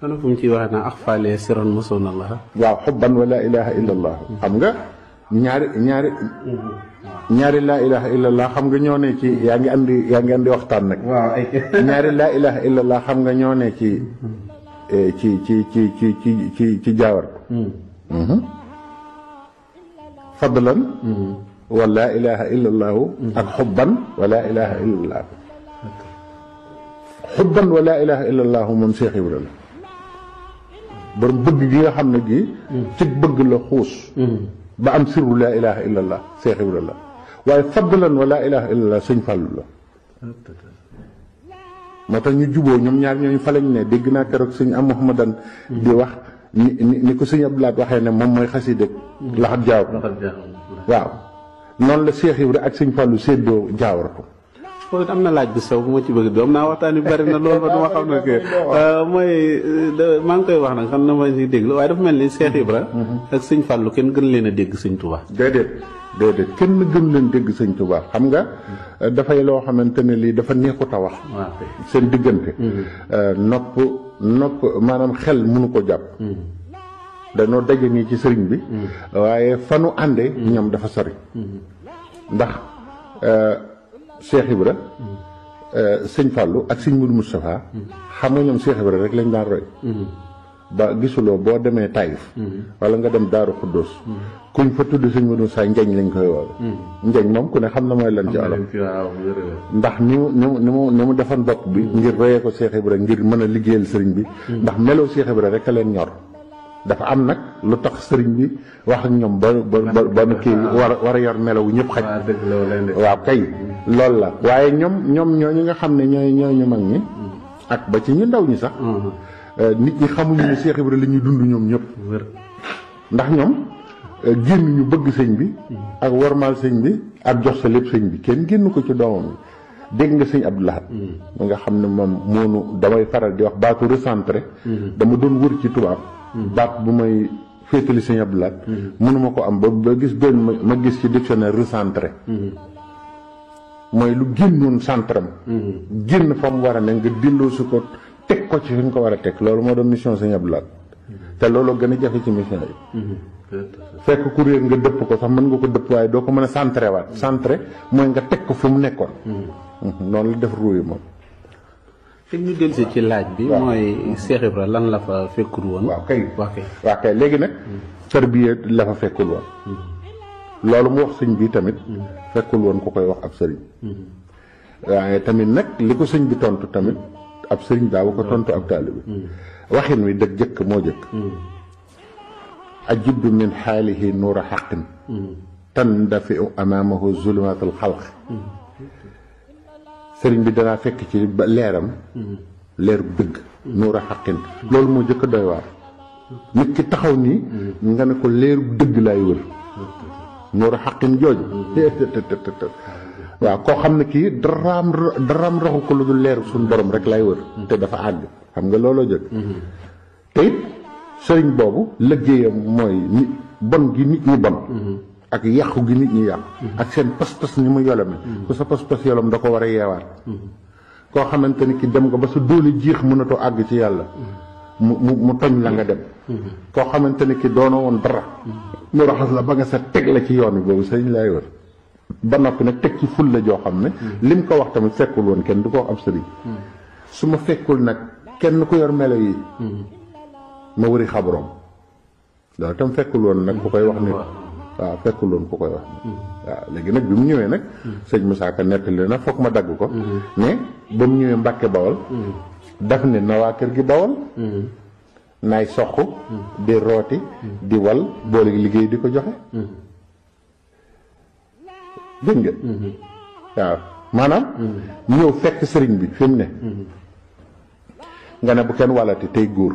ana fu mu ciy wax naa axfaale siran mosoon allah waaw xubban wa laa ilaha illa allah xam nga ñaari ñaari ñaari laa ilaha xam nga ñoo ne ci yaa ngi andi yaa ngi andi waxtaan nag waaw *laughs* ñaari laa ilaha illallah xam nga ñoo ne ci eh, ci ci ci ci ci ci ci jaawar hmm. mhm. fadlan wa laa ilaha illallah ak xubban wa laa ilaha illallah xubban wa borom bëgg gi nga xamne gi hmm. ci bëgg la xoos hmm. ba am sirru la ilaha illa allah seex ibra la waaye fadlan wa la ilaha illa allah sëñ fàllu la moo tax ñu jubo ñom ñaar ñooñu fa lañ ne degg na keroog seigne am mohammedan hmm. di wax ni ko seigne abdulaat waxee ne mom moy khasside la laxat jaaw waaw non la seex ibrahim ak sëñ fàllu séddoo jaawaratu foofu am na laaj bi sew bu ma ci bëgg doom naa waxtaan yu bari na loolu ba du ma xam ne que euh, mooy euh, maa ngi koy wax nag xam na ma si déglu waaye dafa mel ni Cheikh Ibra mm-hmm. ak sëñ Fallou kenn gën leen a dégg sëñ Touba déedéet kenn gën leen dégg sëñ Touba xam nga mm-hmm. dafay loo xamante ne lii dafa neexut a wax seen diggante mm-hmm. euh, nopp nopp maanaam xel mënu ko jàpp dañoo daje nii ci sëriñ bi waaye fanu ànde ñoom dafa sori ndax Cheikh Ibra euh, sëñ Fallou ak sëñ Moudou Moustapha xam nga ñoom Cheikh Ibra rek lañ daan roy ba gisuloo boo demee Taïf wala nga dem Daaru Xuddoos kuñ fa tudd sëñ Moudou Moustapha njañ lañ koy woowe njañ moom ku ne xam na mooy lan ci olof ndax ni mu ni mu ni mu ni mu bi ngir royee ko Cheikh Ibra ngir mën a liggéeyal sëriñ bi ndax meloo Cheikh Ibra rek a leen ñor dafa am nak lu tax serigne bi wax ak ñom ba ba ba nu ah. war war a melaw ñep xaj waaw kay lool la waye ñom ñom ñoo ñi nga xamne ñoy ñoy ñu mag ni mm. ak ba ci ñu ndaw ñi sax mm-hmm. euh, nit ñi xamuñu ne Cheikh ibrahim la ñuy dund ñom ñep ndax ñom euh, genn ñu bëgg sëñ bi mm. ak warmaal sëñ bi ak jox sa lepp sëñ bi kenn genn ko ci doom bi nga sëñ abdullah mm. nga xamne mom moonu damay faral di wax ba ko recentrer mm-hmm. dama doon wër ci tubaab Mm-hmm. baat bu may féetali sëñ Abdou mm-hmm. mënuma ko am ba ba gis benn ma gis ci dictionnaire recentré mm-hmm. mooy lu génnoon centram génn fa mu war a ne nga dindoo su ko teg ko ci fi nga ko war a teg loolu moo doon mission sëñ Abdou Lahad te loolu gën a jafe ci mission yi fekk ku réer nga dëpp ko sax mën nga ko dëpp waaye doo ko mën a centré waat centré mooy nga teg ko fu mu nekkoon loolu la def ruuy moom fi ñu dellu si ci laaj bi. waaw mooy Cheikh Ibra lan la fa fekkul woon. waaw kay waaw kay léegi nag. tarbiya la fa fekkul woon. loolu mu wax sëñ bi tamit. fekkul woon ku koy wax ab sëriñ. waaye tamit nag li ko sëñ bi tontu tamit ab sëriñ daaw ko tontu ab taalibe. waxin wi dëgg jëkk moo jëkk. ajibdu min xaalihi nuura xaqin. tan dafiu amaamahu zulumatul xalq. sëriñ bi danaa fekk ci leeram leer bu dëgg nuura xaqin loolu moo jëkk doy waar nit ki taxaw nii nga ne ko leer bu dëgg laay wër nuura xaqin jooju waaw koo xam ne kii daraam daraam raxu ko lu dul leer suñu borom rek lay wër te dafa àgg xam nga looloo jëkk te sëriñ boobu liggéeyam mooy ni bon gi nit bon ak yàqu gi nit ñi yàqu ak seen pas-pas ni mu yolome ku sa pas-pas yolom da ko war a yeewaat koo xamante ni ki dem nga ba sa doole jiix mënatoo àgg ci yàlla mu mu mu toñ la nga dem koo xamante ni ki doona woon dara mu raxas la ba nga sa teg la ci yoon bi boobu sëriñ laay wër ba noppi nag teg ci ful la joo xam ne lim ko wax tamit fekkul woon kenn du ko am sëriñ su ma fekkul nag kenn ku yor melo yi ma wëri xabroom loolu tam fekkul woon nag ku koy wax waaw fekkul woon ku koy wax. waaw léegi nag bi mu ñëwee nag. sëñ musaaka Ka nettali na foog ma dagg ko. ne ba mu ñëwee Mbàkke Bawol. daf ne na waa kër gi Bawol. naay soq. di rooti. di wal boole liggéey di ko joxe. dégg nga. waaw maanaam. ñëw fekk sëriñ bi fi mu ne. nga ne bu kenn walati tey góor.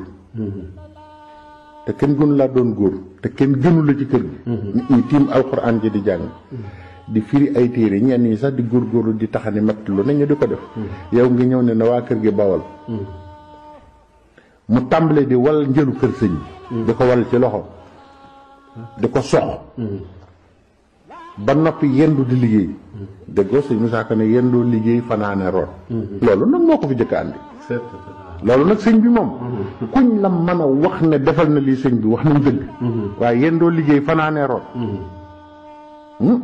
te kenn gënu laa doon góor te kenn gënu la ci kër gi. Mhm. nit ñi alxuraan ji di jàng. Mhm. di firi ay téere ñenn ñi sax di góorgóorlu di taxani matt lu ne ñu di ko def. Mhm. yow ngi ñëw ne na waa kër gi bawal. mu tàmbale di wal njëlu kër sëñ bi. di ko wal ci loxo. di ko sox. ba noppi yendu di liggéey. dëggoo sëñ Musaa Ka ne yendoo liggéey fanaane root. loolu nag moo ko fi jëkk andi. loolu nag sëñ bi moom kuñ la mën a wax ne defal na lii sëñ bi wax nañ dëgg waaye yéen doo liggéey fanaanee root hmm?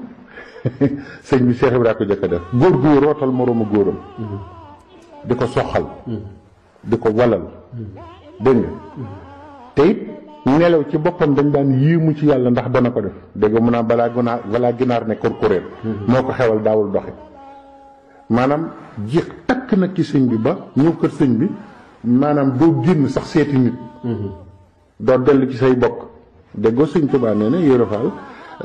*laughs* sëñ bi Cheikh Ibrahima ko jëkk def góor gu rootal moroomu góoram di ko soxal di ko walal dégg nga te it nelaw ci boppam dañ daan yéemu ci yàlla ndax na ko def dégg mu a balaa gunaar balaa ginaar ne kurkuréel moo ko xewal daawul doxe maanaam jeex takk na ci sëñ bi ba ñëw kër sëñ bi maanaam doo génn sax seeti nit mm-hmm. doo dellu ci say bokk déggoo sëñ Tuubaa nee na Yoro Fall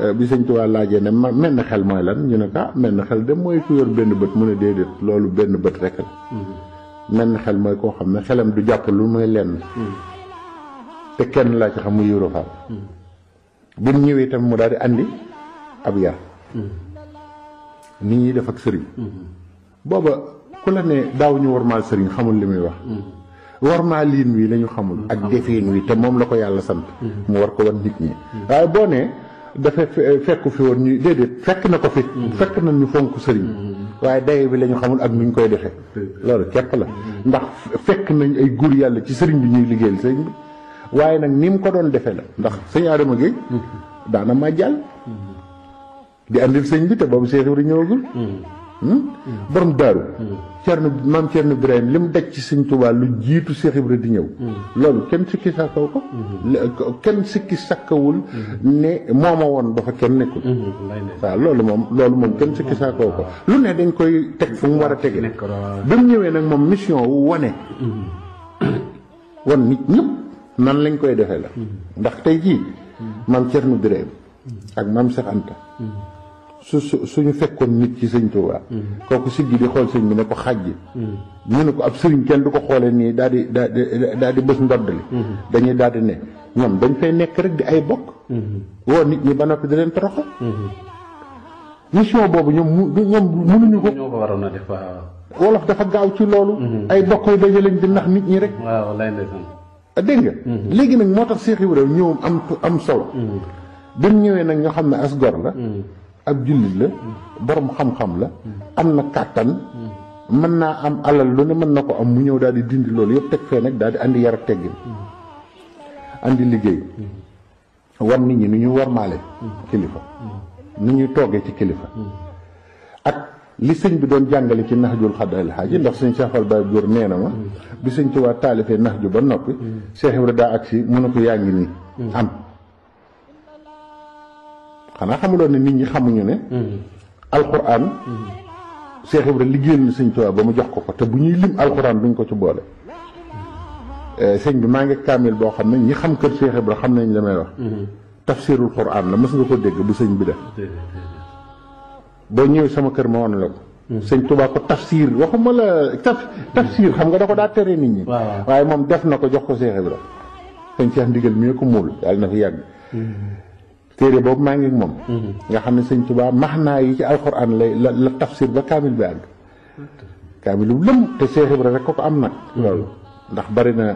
euh, bi sëñ Tuubaa laajee ne ma menn xel mooy lan ñu ne ko ah menn xel de mooy ku yor benn bët mu ne déedéet loolu benn bët rek la mm-hmm. menn xel mooy koo xam ne xelam du jàpp lu muy lenn mm-hmm. te kenn laa ci xamul muy Yoro Fall bi mu ñëwee itam mu daal di andi ab yar nit ñi def ak sëriñ booba ku la ne daaw ñu sëriñ xamul li muy wax war maa liin wii lañu ñu xamul ak defin wi te moom la ko yàlla sant mu war ko wan nit ñi waaye boo nee dafa fekku fi woon ñu déedéet fekk na ko fi fekk na ñu fonk sëriñ waaye daye bi lañu ñu xamul ak nuñ koy defee loolu képp la ndax fekk nañ ay góor yàlla ci sëriñ bi ñuy liggéeyal sëriñ bi waaye nag ni mu ko doon defee la ndax sëñ Adama Gueye daana ma jàll di andil sëñ bi te boobu seeturi ñëwagul Hmm? borom daaru Cerno maam Cerno Birahim li mu daj ci Sëñ Tuubaa lu jiitu Seex Ibra di ñëw hmm. loolu kenn sikki sàkkaw ko hmm. kenn sikki sakkawul ne mooma woon ba fa kenn nekkul waaw loolu moom loolu moom kenn sikki sàkkaw ko lu ne dañ koy teg fu mu war a tege bi mu ñëwee nag moom mission wu wane nit ñëpp nan lañ koy defee la ndax tey jii maam Cerno Birahim ak maam Seex su su suñu fekkoon nit ci sëñ Touba. kooku siggi di xool sëñ bi ne ko xàjji. ñu ne ko ab sëriñ kenn du ko xoolee nii daal di daal di daal di bés ndoddali. dañuy daal di ne ñoom dañ fay nekk rek di ay bokk. woo nit ñi ba noppi di leen toroxal. mission boobu ñoom mu ñoom mënuñu ko. ñoo ko waroon a def wolof dafa gaaw ci loolu. Mhm. ay bokk yu daje lañ di nax nit ñi rek. waaw lay ah, mhm. léegi nag moo tax Cheikh Ibrahima ñëwam am am solo. Mhm. bi ñëwee nag ñoo xam ne as gor la. ab jullit la borom xam-xam la am na kàttan mën naa am alal lu ne mën na ko am mu ñëw daal di dindi loolu yëpp teg fee nag daal di andi yar teggin andi liggéey war nit ñi nu ñu maale kilifa nu ñuy toogee ci kilifa ak li sëñ bi doon jàngale ci naxjul al xaaji ndax sëñ Cheikh Fall Baye Góor nee na ma bi sëñ ci waa taalifee ju ba noppi Cheikh Ibra daa ak si mu ko yaa ngi nii am xanaa xamuloon ne nit ñi xamuñu ne. alxuraan. Cheikh Ibrahima liggéeyal na sëñ Tuubaa ba mu jox ko ko te bu ñuy lim alxuraan duñ ko ci boole. Eh, sëñ bi maa ngi kaamil boo xam ne ñi xam kër Cheikh Ibrahima xam nañ li may wax. tafsirul xuraan la mës nga ko dégg bu sëñ bi def. boo ñëwee sama kër ma wan la ko. sëñ Tuubaa ko tafsir waxuma la taf xam nga da ko daa tere nit ñi. waaye moom def na ko jox ko Cheikh Ibrahima. sëñ Cheikh ndigal mi ko muul yàlla na fi yàgg. téere boobu maa ngi moom. Mhm. nga xam ne sëñ Tuubaa max naa yi ci alxuraan lay la la tafsir ba kaamil bi àgg. kaamil lu lëm te Seex rek ko ko am nag. loolu ndax bari na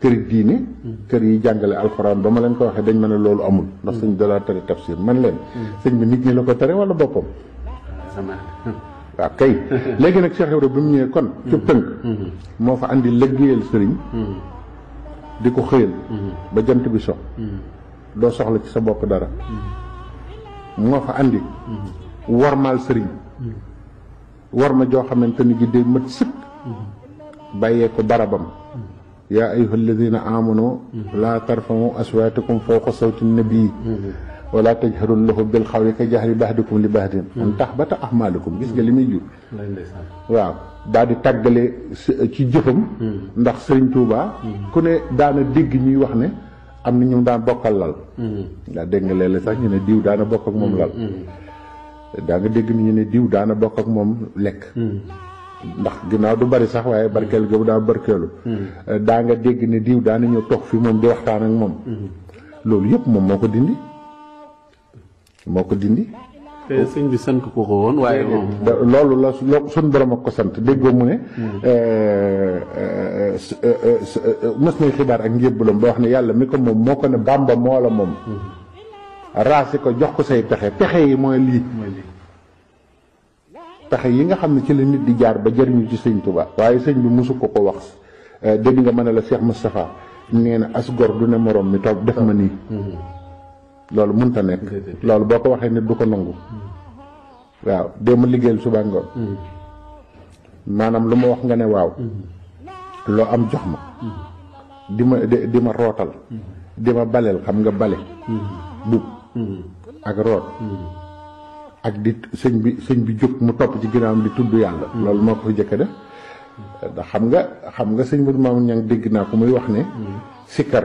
këri diine. Mhm. kër yi jàngale alxuraan ba ma leen ko waxee dañ ma ne loolu amul. ndax sëñ dalaa tere tafsir man leen. Mhm. sëñ bi nit ñi la ko tere wala boppam. *laughs* waaw kay *laughs* léegi nag Cheikh Ibrahima bi mu ñëwee kon. ci moo fa andi lëggéeyal sëriñ. di ko xëyal. ba jant bi so. doo soxla ci sa bopp dara moo fa andi warmaal sëriñ warma joo xamante ni ji day mat sëkk bàyyee ko barabam yaa ayuha alladina amanu laa tarfamu aswaatikum fawqa sawti nabii wala tajharu lahu bil xawli ka jahri baxdikum li baxdin an taxbata ahmaalikum gis nga li muy jur waaw daal di tàggale ci jëfam ndax sëriñ Tuuba ku ne daana dégg ñuy wax ne am na ñu daan bokkal lal daa mm-hmm. dégg nga léeg sax ñu ne diw daana bokk ak moom lal mm-hmm. daa nga dégg ni ñu ne diw daana bokk ak moom lekk mm-hmm. ndax ginnaaw du bari sax waaye barkeelu googu daa barkeelu daa nga dégg ni diw daana ñëw toog fi moom di waxtaan ak moom loolu yëpp moom moo ko dindi moo ko dindi sëñ bi sant woon waaye. loolu la suñ borom ko sant déggoo mu ne. mës hmm. eh, eh, eh, na xibaar ak njébbalam ba wax ne yàlla mi ko moom moo ko ne bàmba moo la moom. Hmm. raasi ko jox ko say pexe pexe yi mooy lii. pexe yi nga xam ne ci la nit di jaar ba jëriñu ci sëñ Tuubaa waaye sëñ bi mosu ko ko wax dégg nga mën a la Cheikh Moustapha nee na as gor du ne morom mi toog def ma nii. Hmm. loolu munta nekk loolu boo ko waxee nit du ko nangu waaw dem liggéeyal suba ngoon maanaam lu ma wax nga ne waaw loo am jox ma di ma di ma rootal di ma baleel xam nga bale bu ak root ak di sëñ bi sëñ bi jóg mu topp ci ginnaawam di tudd yàlla loolu moo ko jëkk def xam nga xam nga sëñ bu maam ñang dégg naa ko muy wax ne sikkar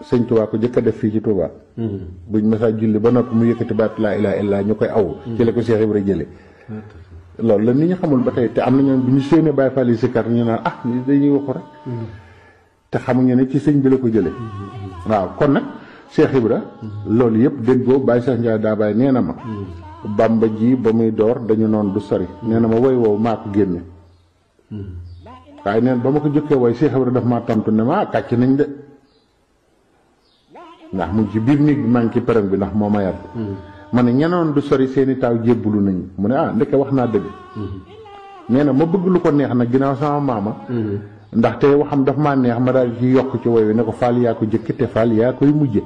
sëñ Tuubaa ko jëkk def fii ci Tuubaa mm-hmm. buñ masaa julli ba noppi mu yëkkati baat laa ilaaha illallaa ñu koy aw mm-hmm. ci la ko Cheikh Ibra jële mm-hmm. loolu la nit ñi xamul ba tey te am na ñoom bu ñu séenee Baay Faal yi sikkar ñu naan ah ñi dañuy waxu rek te ne ci sëñ bi la ko jële waaw kon nag Cheikh Ibra loolu yëpp déggoo Baay Cheikh Ndiaye daa na ma Bàmba ji ba muy door dañu noonu du sori nee na ma woy woow maa ko génne waaye neen ba ma ko jókkee woy Cheikh Ibra daf maa tontu ne ma ah, kàcc nañ de ndax mu ngi ci biir néeg bi maa ngi ci perron bi ndax moo ma yar hmm. ma ne ñenoon du sori seeni taaw jébbalu nañu mu ne ah ndeke wax naa dëgg hmm. nee na ma bëgg lu ko neex na ginnaaw sama maama hmm. ndaxte waxam daf maa neex ma daal ci yokk ci woy wi ne ko faal yaa ko jëkk te faal yaa koy mujje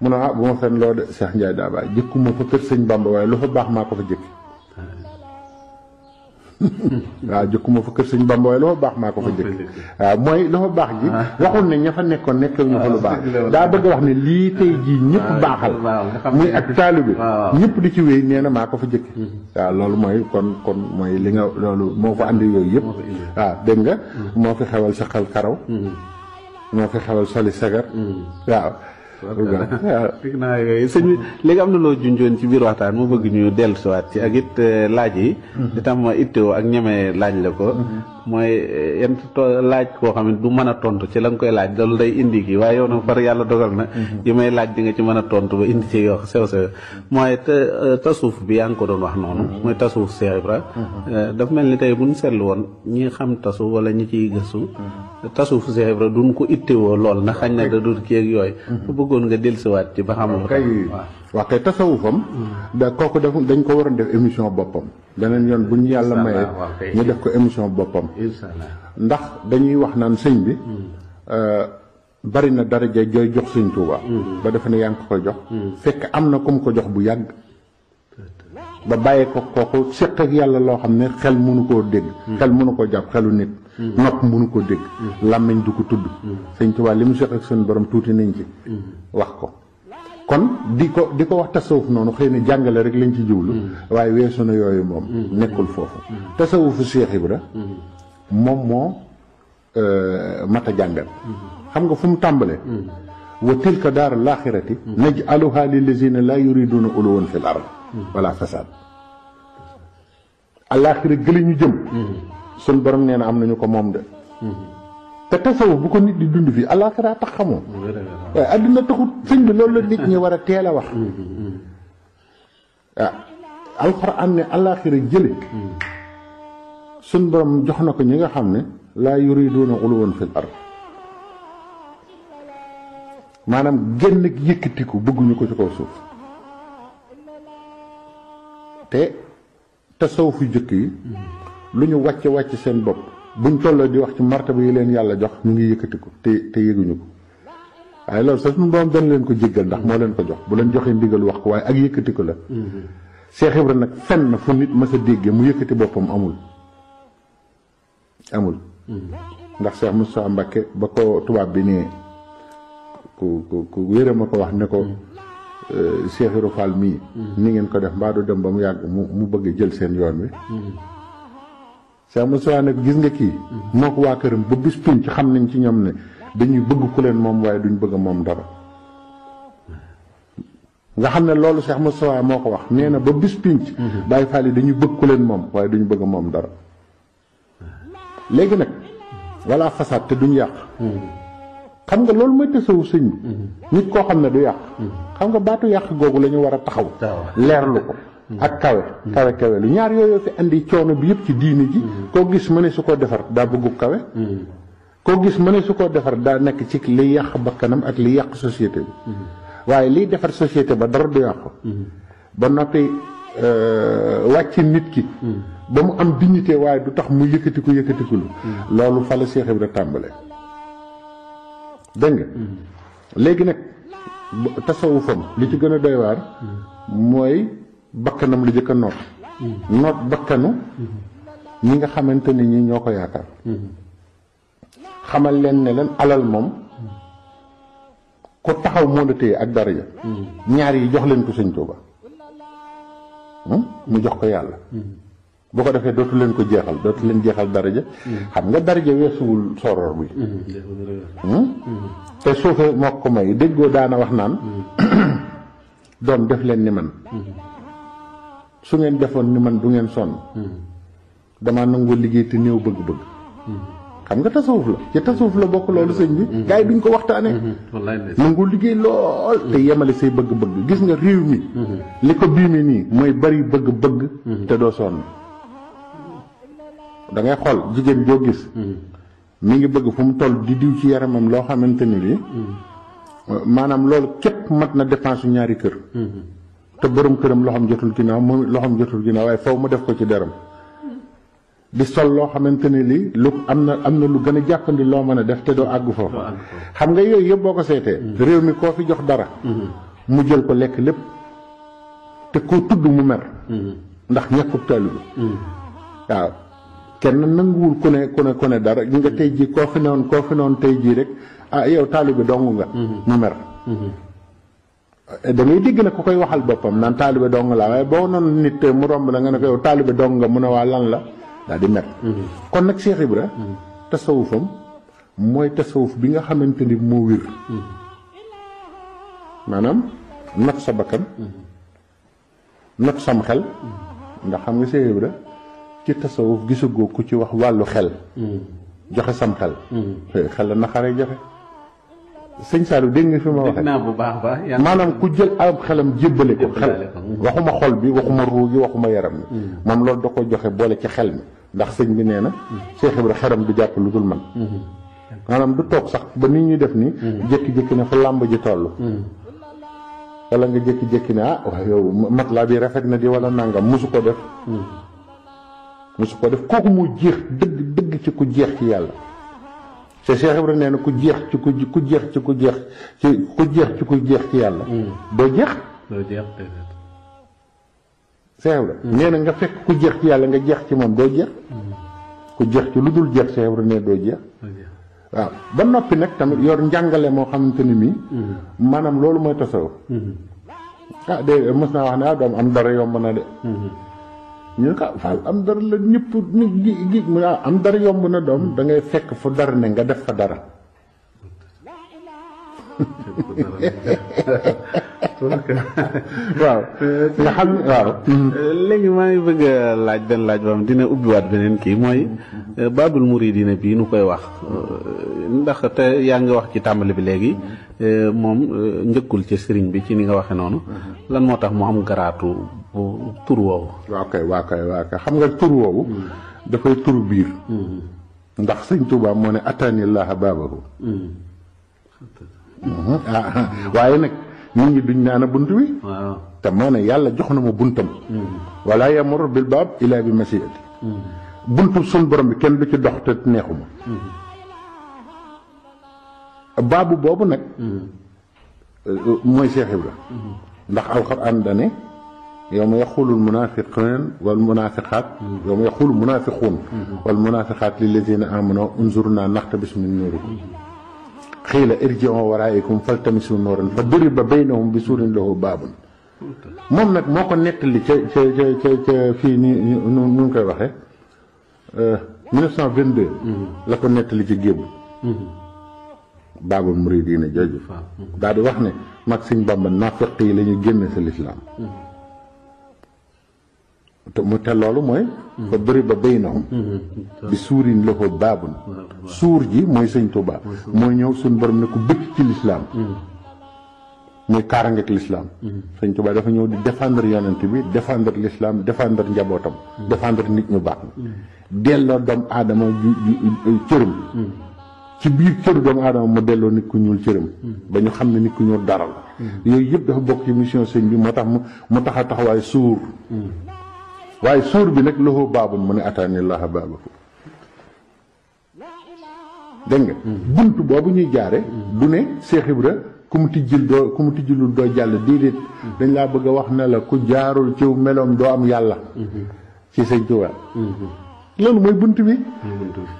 mu ne ah bu ma fen loo de Cheikh Ndiaye daa baa jëkkuma fa kër sëñ Bamba waaye lu fa baax maa ko fa jëkk waaw jëkkuma fa kër sëñ Bamba waaye la baax maa ko fa jëkk waaw mooy la baax ji waxul ne ña fa nekkoon nekkee ñu fa lu baax daa bëgg wax ne lii tey jii ñëpp baaxal muy ak taalibe ñëpp di ci wéy nee na maa ko fa jëkk mm-hmm. waaw loolu mooy kon kon mooy li nga loolu moo ko andi yooyu yëpp waaw dégg nga mm-hmm. moo fi xewal sa xel karaw mm-hmm. moo fi xewal soli sagar waaw waaw *laughs* naa yooyu eh, sëñ bi *laughs* léegi am na loo junjoon ci biir waxtaan mu bëgg ñu dellusiwaat ci ak it eh, laaj yi. Mm-hmm. di tam ma ittoo ak ñeme laaj la ko. Mm-hmm. mooy eh, yan laaj koo xam ne du mën a tontu ci la nga koy laaj loolu day indi ki waaye yow nag far yàlla dogal na. Mm-hmm. yi may laaj di nga ci mën a tontu ba indi ci yoo sew sew mooy tasuuf bi yaa ngi ko doon wax noonu. mooy tasuuf Cheikh Ibra. daf mel ni tey bu ñu seetlu woon ñi xam tasu wala ñi ciy gëstu. tasuuf Cheikh Ibra duñ ko ittewoo lool na xañ na da bëggoon nga waat ci ba xam kay waa kay tasawufam da kooku def dañ ko waroon def émission boppam beneen yoon bu ñu yàlla mayee ñu def ko émission boppam ndax dañuy wax naan sëñ bi hmm. euh, bari na daraja jooy jox sëñ tuuba hmm. ba defe ne yaa ngi ko koy jox hmm. fekk am na ku mu ko jox bu yàgg ba bàyyee ko kooku séq ak yàlla loo xam ne xel mënu koo dégg xel mënu koo jàpp xelu nit nopp mënu ko dégg làmmiñ du ko tudd sëñ Tuubaa li mu seq ak suñu borom tuuti nañ ci wax ko kon di ko di ko wax tasawuf noonu xëy na jàngale rek lañ ci jiwlu waaye weesu na yooyu moom nekkul foofu tasawufu Cheikh Ibra moom moo euh, mat a jàngal xam nga fu mu tàmbalee wa tilka daar al axirati naj aluha lillazina laa yuriduna uluwan fi l ard wala fasad alaxira ñu jëm suñ borom nee na am nañu ko moom de te tasawu bu ko nit di dund fii alaakaraa tax xamoo waaye adduna taxut sëñ bi loolu nit ñi war a teel a wax ah alxuraan ne alaaxira jële suñ borom jox na ko ñi nga xam ne laa yuriduuna uluwan fil ard maanaam génn ak bëgguñu ko ci kaw suuf te tasawuf yu jëkk yi lu ñu wàcce wàcc seen bopp bu buñ tolloo di wax ci martaba bi leen yàlla jox mu ngi yëkkati ko te te yëguñu ko waaye loolu sax suñu borom dana leen ko jéggal ndax moo leen ko jox bu leen joxee ndigal wax ko waaye ak yëkkati ko la mm-hmm. Cheikh Ibra nag fenn fu nit mës déggee mu yëkkati boppam amul amul mm-hmm. ndax Cheikh Moustapha Mbacké ba ko tubaab bi nee ku ku ku ko wax ne ko mm-hmm. euh, Cheikh Ibra Fall mii ni ngeen ko def mbaa du dem ba mu yàgg mu mu bëgg jël seen yoon wi Cheikh Moussa ne ko gis nga kii mm-hmm. moo ko waa këram ba bis pinc xam nañ ci ñoom ne dañuy bëgg ku leen moom waaye duñ bëgg moom dara nga xam ne loolu Cheikh Moussa moo ko wax nee na ba bis pinc mm-hmm. Baye Fall yi bëgg ku leen moom waaye bëgg moom dara léegi nag walla fasaad te duñ yàq mm-hmm. xam nga loolu mooy tësawu sëñ bi nit koo xam ne du yàq xam nga baatu yàq googu lañu war a taxaw leerlu ko ak kawe kawe kawe lu ñaar yooyu fi andi coono bi yëpp ci diini ji koo gis mëne su ko defar daa bëggu kawe koo gis ma ne su ko defar daa nekk ci li yàq bakkanam ak li yàq société bi waaye lii defar societé ba dara du yàqu ba noppi euh, wàcc nit ki ba mu am dignité waaye du tax mu yëkkatiku yëkkatikulu loolu fa la bi Ibra tàmbalee dégg léegi nag tasawufam li ci gën a doy waar mooy bakkanam lu jëkk a noot mm-hmm. noot bakkanu mm-hmm. ñi nga xamante ni ñi ñoo ko yaakaar mm-hmm. xamal leen ne leen alal moom ku taxaw moo la téye ak dara ñaar yi jox leen ko sëñ Tuuba hmm? mu jox ko yàlla boo ko defee dootu leen ko jeexal dootu leen jeexal daraja xam nga daraja weesuwul soroor bi hmm? te suufe moo ko may déggoo daana wax naan *coughs* doom def leen ni man su ngeen defoon ni man du ngeen sonn dama nangu liggéey te néew bëgg-bëgg xam nga tasawuf la ci tasawuf la bokk loolu sëñ bi mm-hmm. gars duñ ko waxtaanee mm-hmm. nangu liggéey lool te yemale say bëgg-bëgg gis nga réew mi mm-hmm. li ko mi nii mooy bari bëgg-bëgg te doo sonn da ngay xol jigéen boo gis mi ngi bëgg fu mu toll di diw ci yaramam loo xamante ni maanaam loolu mat na dépense ñaari kër te borom këram loxam jotul ginnaaw moom loxam jotul ginaaw waaye faw ma def ko ci deram di sol lo xamante li lu amna na lu gëna a lo loo def te do àgg foofu xam nga yoy yeb boko sété mm-hmm. rew mi ko fi jox dara mm-hmm. mu jël ko lek lepp te ko tudd mu mer mm-hmm. ndax ñàkkub talu waaw kenn nangul ku ne ku ne ku ne dara nga tay ji ko fi ko fi tay ji rek ah yow bi dong nga mu mer Eh, da ngay dégg na ku koy waxal boppam naan taalibe dong laa waaye boo noonu nit eh, mu romb la nga ne ko yow taalibe dong nga mu ne waa lan la daal di mer. Mm-hmm. kon nag Cheikh Ibra mm-hmm. tasawufam mooy tasawuf bi nga xamante ni moo wér. Mm-hmm. sa bakkan. not sam xel. ndax xam nga Cheikh Ibra ci tasawuf gisagoo ku ci wax wàllu xel. joxe sam xel. Eh, xel la naxaree joxe. seigne sallu deg nga fi ma waxee naa bu baax ba manam ku jël ab xalam jébbale ko xel waxuma xol bi waxuma ruu gi waxuma yaram mi mm. moom loolu da ko joxe boole ci xel mi ndax seigne bi neena mm. Cheikh ibrahim xaram du japp lu dul man manam mm-hmm. du tok sax ba nit ñi def ni mm-hmm. jékki-jékki na fa lamb ji tollu mm-hmm. wala nga jékki-jékki na ah yow mat laa bi rafet na di wala nangam musu ko def musu ko def koku mu jeex deug deug ci ku jeex ci yalla te Cheikh Ibrahima nee na ku jeex ci ku ku jeex ci ku jeex ci ku jeex ci jeex ci yàlla. Mm. doo jeex. doo jeex mm. nee na nga fekk ku jeex ci yàlla nga jeex ci moom doo jeex. Mm. ku jeex ci lu dul jeex Cheikh Ibrahima nee doo jeex. waaw ba noppi nag tamit yor njàngale moo xamante ni mii. maanaam loolu mooy tasawuf. ah de mos naa wax ne ah doom am dara yomb na de. ñu ya, ka am dara la ñepp nit gi gi am dara yomb na dom hmm. da ngay fekk fu dara ne nga def fa dara waaw nga xam waaw léegi maa ngi bëgg laaj benn laaj boo dina ubbiwaat beneen kii mooy babul muridina bi nu koy wax ndax te yaa ngi wax ci tàmbali bi léegi moom njëkkul ci sëriñ bi ci ni nga waxe noonu hmm. lan moo tax mu am garaatu tur woowu. waaw kay waaw kay waaw kay xam nga tur woowu. dafay turu biir. ndax sëñ Touba moo ne ataani laaha baabahu. waaye nag nit ñi duñ naan bunt bi. waaw te moo ne yàlla jox na ma buntam. wala yamur bil baab ilaa bi masiati. buntu sun borom bi kenn du ci dox te neexuma. baabu boobu nag. mooy Cheikh Ibra. ndax alxuraan da ne. يوم يقول المنافقين والمنافقات يوم يقول المنافقون والمنافقات للذين امنوا انظرنا نقتبس من نوركم قيل ارجعوا ورائكم فالتمسوا نورا فضرب بينهم بسور له باب مم نك موكو نيت لي تي تي تي تي في ني نون كاي 1922 لا كو نيت لي جيب باب المريدين جوجو دا دي واخني ماك سيغ بامبا نافقي لا ني ген الاسلام te mu te lolu moy ba bëri ba béy bi surin lahu ko sur ji moy seigne touba mooy ñew suñu borom ne ko bëgg ci lislaam karanga ci l'islam seigne touba dafa ñew di défendre yonent bi défendre l'islam défendre njabotam hmm. défendre nit ñu baax na hmm. dom adama aadama cëram hmm. ci biir ciir dom adama mo delo nit ku ñul ciirum ba ñu xam nit ku ñuul daral yoy yeb dafa bok ci mission seigne bi motax waaye suur bi nag loxo baabun mu ne ataani laaha baabahu dégg nga bunt boobu ñuy jaare du ne Cheikh Ibra ku mu tijjil doo ku mu tijjilul doo jàll déedéet dañ laa bëgg a wax ne la ku jaarul ciw meloom doo am yàlla ci sëñ Tuubaa loolu mooy bunt bi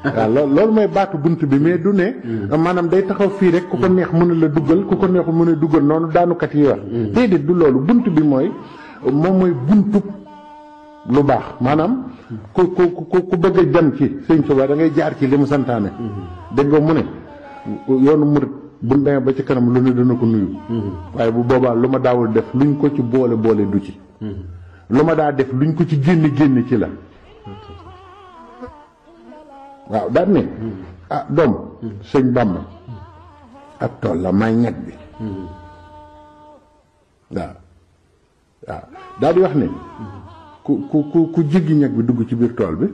waaw loolu mooy baatu bunt bi mais du ne maanaam day taxaw fii rek ku ko neex mën a la duggal ku ko neexul mën a duggal noonu daanukat yi wax mm. déedéet du loolu bunt bi mooy moom mooy buntu lu baax maanaam ku ku ku bëgg a jam ci sëñ Tuubaa da ngay jaar ci li mu santaane dégg nga mu ne yoonu murit bu ñu ba ci kanam lu ne dana ko nuyu waaye bu boobaa lu ma daawul def luñ ko ci boole boole du ci lu ma daa def luñ ko ci génn génn ci la waaw daan ne ah doom sëñ Bàmba ak tool la may ñag bi waaw waaw di wax ne ku ku ku jiggi ñeg bi dugg ci biir tool bi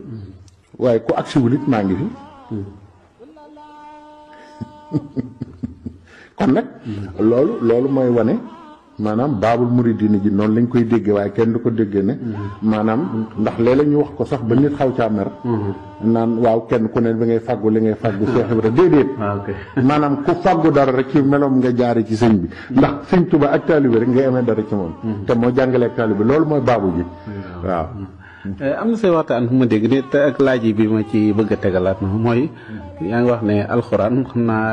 waaye ku agsiwul it maa ngi fi *laughs* kon nag loolu loolu mooy wane maanaam baabul muridina ji noonu lañ koy déggee waaye kenn du ko déggee ne. maanaam ndax léeg-léeg ñu wax ko sax ba nit xaw caa mm-hmm. naan waaw kenn ku ne bi ngay fàggu li ngay fàggu. bi rek déedéet. Ah, *laughs* maanaam ku fàggu dara rek ci meloom nga jaare ci sëñ bi. Mm-hmm. ndax sëñ Tuba ak taalibe rek ngay amee dara ci moom. Mm-hmm. te moo jàngalee ak taalibe loolu mooy baabu ji. waaw eh, am na say waxtaan fu ma dégg ne ak laaj bi ma ci bëgg a tegalaat mooy. yaa ngi wax ne alxuraan xam naa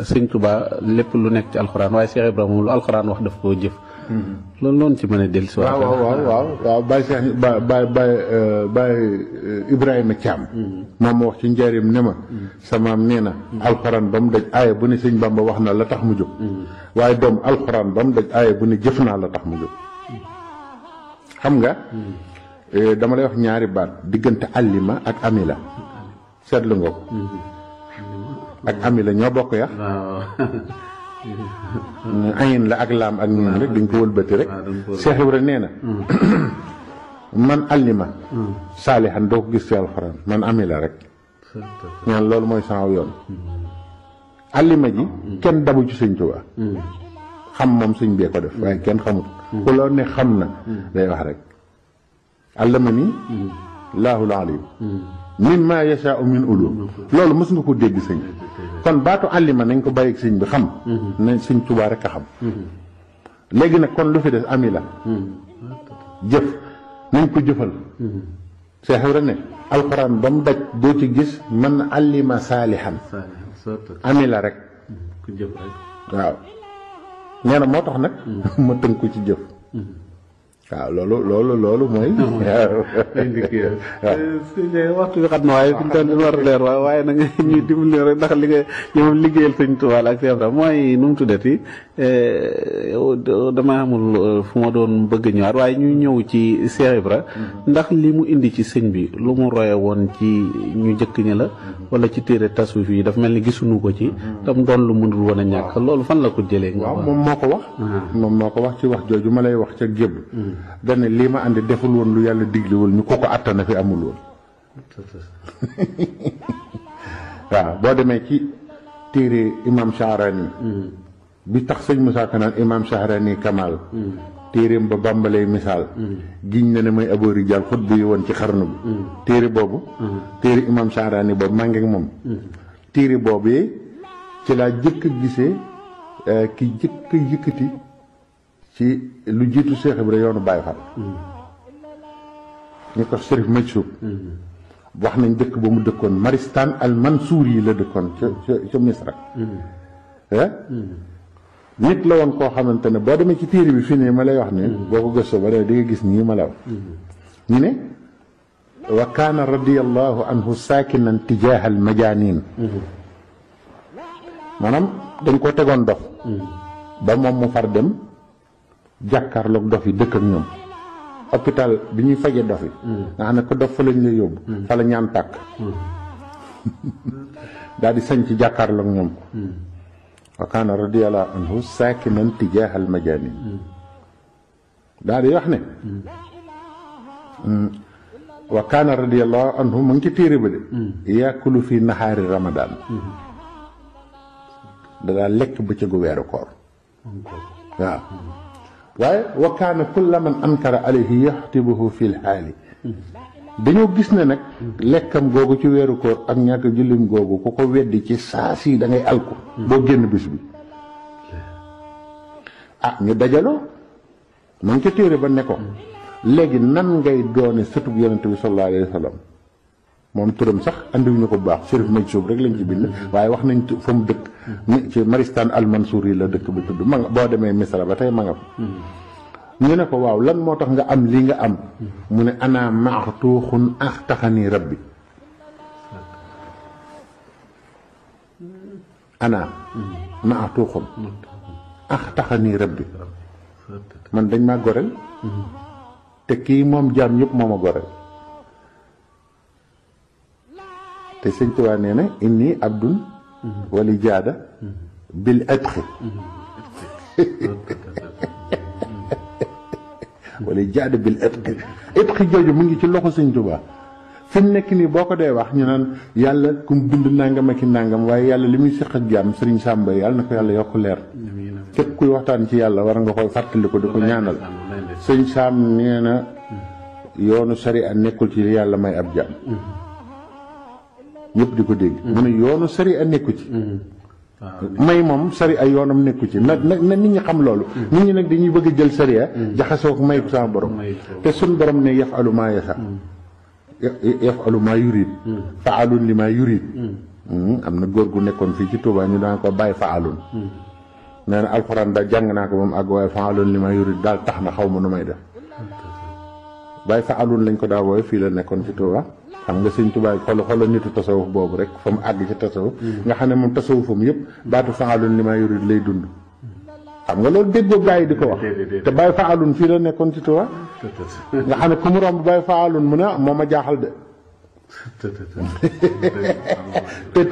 euh, sëñ Tuba lépp lu nekk ci alxuraan waaye Cheikh Ibrahima lu alxuraan wax daf koo jëf. Mm-hmm. loolu noonu ci mën a dellu si waaw waaw waaw waaw Baye Cheikh ba Ibrahima Thiam. Mm-hmm. moom ma wax ci njaareem ne ma. Mm-hmm. samaam nee na. alxuraan ba mu daj aaya bu ne sëñ Bamba wax na la tax mu jóg. waaye doom alxuraan ba mu daj aaya bu ne jëf naa la tax mu jóg. xam nga. Eh, dama lay wax ñaari baat diggante allima ak amila seetlu nga ko. ak ami la ñoo bokk yax *laughs* ayin la ak laam ak nuun rek dañ ko wëlbati rek Cheikh Ibra nee na hmm. *clears throat* man allima hmm. saalihan doo ko gis ci alxuraan man ami rek ñaan loolu mooy sama yoon hmm. allima ji kenn dabu ci sëñ Tuubaa xam moom sëñ bee ko def waaye kenn xamut ku loolu ne xam na day wax rek allama ni laahul alim mimma yashaa'u min ulum loolu mës nga ko dégg sëñ kon baatu àllima nañ ko bàyyi sëñ bi xam. Mhm. nañ sëñ Tuubaa rek a xam. Mhm. léegi nag kon lu fi des ami mhm. jëf nañ ko jëfal. Seex Ibra ne alxuraan ba mu daj doo ci gis man àllima saalihan. ami rek. ku waaw. nee na moo tax nag. *laughs* ma tënk ko ci jëf. loolu loolu loolu mooy. ay liggéey waaw waxtu bi xat na waaye fi ñu toll war a leer waaye nag ñuy dimbali rek ndax li nga ñoom liggéeyal sëñ Tuubaa ak Seex Ibra mooy nu mu tuddati damaa amul fu ma doon bëgg ñëwaat waaye ñu ñëw ci Seex Ibra ndax li mu indi ci sëñ bi lu mu roye woon ci ñu njëkk ñi la. wala ci téere tasawuf yi dafa mel ni gisuñu ko ci. Mm-hmm. tam doon lu mënul woon ñàkk loolu fan la ko jëlee. waaw moom moo ko wax. Ah. moom moo ko wax ci wax jooju ma lay wax ca gébb mm-hmm. dana lii ma ànd deful woon lu yàlla diglewul ñu ko ko àttana fi amul woon *laughs* waaw boo demee ci téere imam Shahrani mm-hmm. bi tax sëñ Moussa Ka naan imam Shahrani Kamal mm-hmm. téereem ba bàmbalay misaal mm-hmm. giñ na ne mooy rijaal xut bu yi woon ci xarnu bi téere boobu téere imam Shahrani boobu maa ngi moom téere boobu ci laa jëkk gisee eh, ki jëkk yëkkati ci lu jiitu Cheikh Ibra yoonu Baye Fall ñu ko Serif Majsoub wax nañ dëkk ba mu dëkkoon Maristan al Mansour yi la dëkkoon ca ca ca Misra eh? nit la woon koo xamante ne boo demee ci téere bi fii nii ma lay wax ni boo ko gëstoo ba demee di nga gis nii ma la ñu ne wa kaana radiallahu anhu saakinan tijaaha al majaanin maanaam dañ koo tegoon dof ba moom mu far dem Jakar lok dofi dekk ak ñom hôpital bi ñuy faje dof hmm. nga xam ko dof fa lañ lay yob hmm. fa la ñaan tak hmm. *laughs* dal di sañ ci lok ñom wa kana radiyallahu anhu saakinan al majani dal di wax ne wa kana radiyallahu anhu mu ngi ia téere ba de yaakulu fi naxaari ramadan da daal koor waaye wa kaana kulla man ankara alayhi yaxtibuhu fi lxaali dañoo gis ne nag lekkam googu ci weeru koor ak ñàkk jullim googu ku ko weddi ci saa si dangay ngay alku boo génn bis bi ah ñu dajaloo man ca téere ba ne ko léegi nan ngay doone sëtub yonente bi sallallahu alayhi mom turam sax wuñu ko bu baax Chérif May Soub rek lañ ci bind waye wax nañ mu ci Maristan Al mansouri la dekk bi tuddu ma bo boo Misra ba tay ma nga ñu ne ko waaw lan motax nga am li nga am mu ne ana maxtuuxun akhtakhani rabbi ana maxtuuxun akhtakhani rabbi man dañ mm-hmm. ma gorel te ki mom jam moma gorel te sëñ Tuubaa nee na inni abdun wali jaada bil atxi *laughs* wala jaada bil mu ngi ci loxo sëñ Tuubaa fi mu nekk nii boo ko dee wax ñu naan yàlla kum bind nangam ak i nangam waaye yàlla li muy séq ak jàmm sëriñ Sàmba yàlla na ko yàlla yokk leer képp kuy waxtaan ci yàlla war nga koy fàttali ko di ko ñaanal sëñ Saam nee mm. yoonu sari a nekkul ci yàlla may ab jàmm ñëpp di deg dégg mu yoonu sari a nekku ci may mom sari ay yoonam nekku ci nak na nit ñi xam loolu mm-hmm. nit ñi nak dañuy bëgg jël sariya mm-hmm. jaxaso ko may ko borom te sun borom ne yafalu ma yasa mm-hmm. ya, yafalu ma yurid faalun lima yurid am gor gu nekkon fi ci Touba ñu daan ko bay faalun nena alquran da jang na ko mom mu way faalun yurid dal tax na xaw def bay faalun lañ ko da way fi la nekkon ci Touba xam nga sëñ tubaay xool xoolal nitu tasawuf boobu rek fa mu àgg ci tasawuf nga xam ne moom tasawufam yëpp baatu faalun li maa yurid lay dund xam nga loolu déggoo gars yi di ko wax te bàyyi faalun fii la nekkoon ci Tuubaa nga xam ne ku mu romb bàyyi faalun mu ne moo ma jaaxal de *laughs* te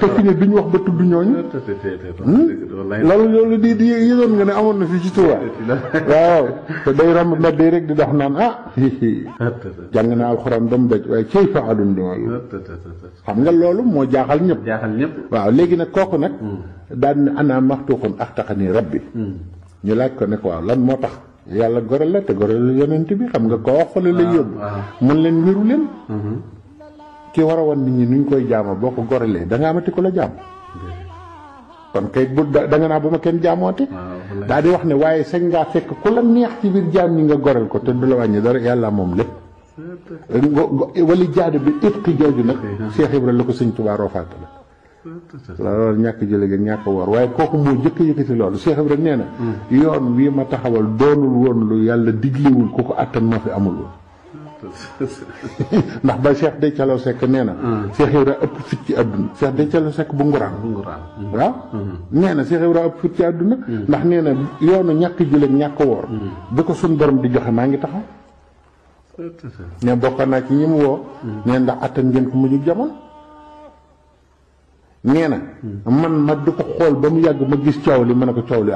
te fi ne duñ wax ba tudd ñooñu. loolu hmm? loolu di di yëgoon nga ne amoon na fi ci Touba. waaw te day ram mbedd yi rek di dox naan ah. jàng naa alxuraan ba mu daj waaye cay fa alum duma yi. xam nga loolu moo jaaxal ñëpp. waaw léegi nag kooku nag. Hmm. daan ne ana maxtuuxun axtaqa nii rabbi. Hmm. ñu laaj ko ne ko waaw lan moo tax. yàlla gorel la te gorel yonent bi xam nga ko wax yóbbu. Ah, ah. mun leen wéru leen. ki war a wan nit ñi nuñ koy jaamoo boo ko gorelee da nga amati ko la jaam kon kay bu da nga naa bu ma kenn jaamooti daa di wax ne waaye sañ ngaa fekk ku la neex ci biir jaam ñi nga gorel ko te du la wàññi dara yàlla moom lépp wali jaadu bi ëpp jooju nag Cheikh Ibra la ko sëñ Tuubaa roofaat la loolu ñàkk jële gi ñàkk woor waaye kooku moo jëkk yëkkati loolu Cheikh rek nee na mm. yoon bii ma taxawal doonul woon lu yàlla diglewul ku ko attan ma fi amul *laughs* ndax ba cheikh de deccalo sek neena cheikh hmm. ibra ëpp fit ci aduna cheikh de deccalo sek bu bu nguraan hmm. wa hmm. neena cheikh ibra ëpp fit ci aduna ndax neena yoonu ñàkk juleeg ñak wor bu ko sun borom di joxe ma ngi taxaw ne bokk naa ci ñi wo ne ndax atam ngeen ko muju jamono neena man ma du ko xol ba mu yag ma gis coow li ma ne ko coow li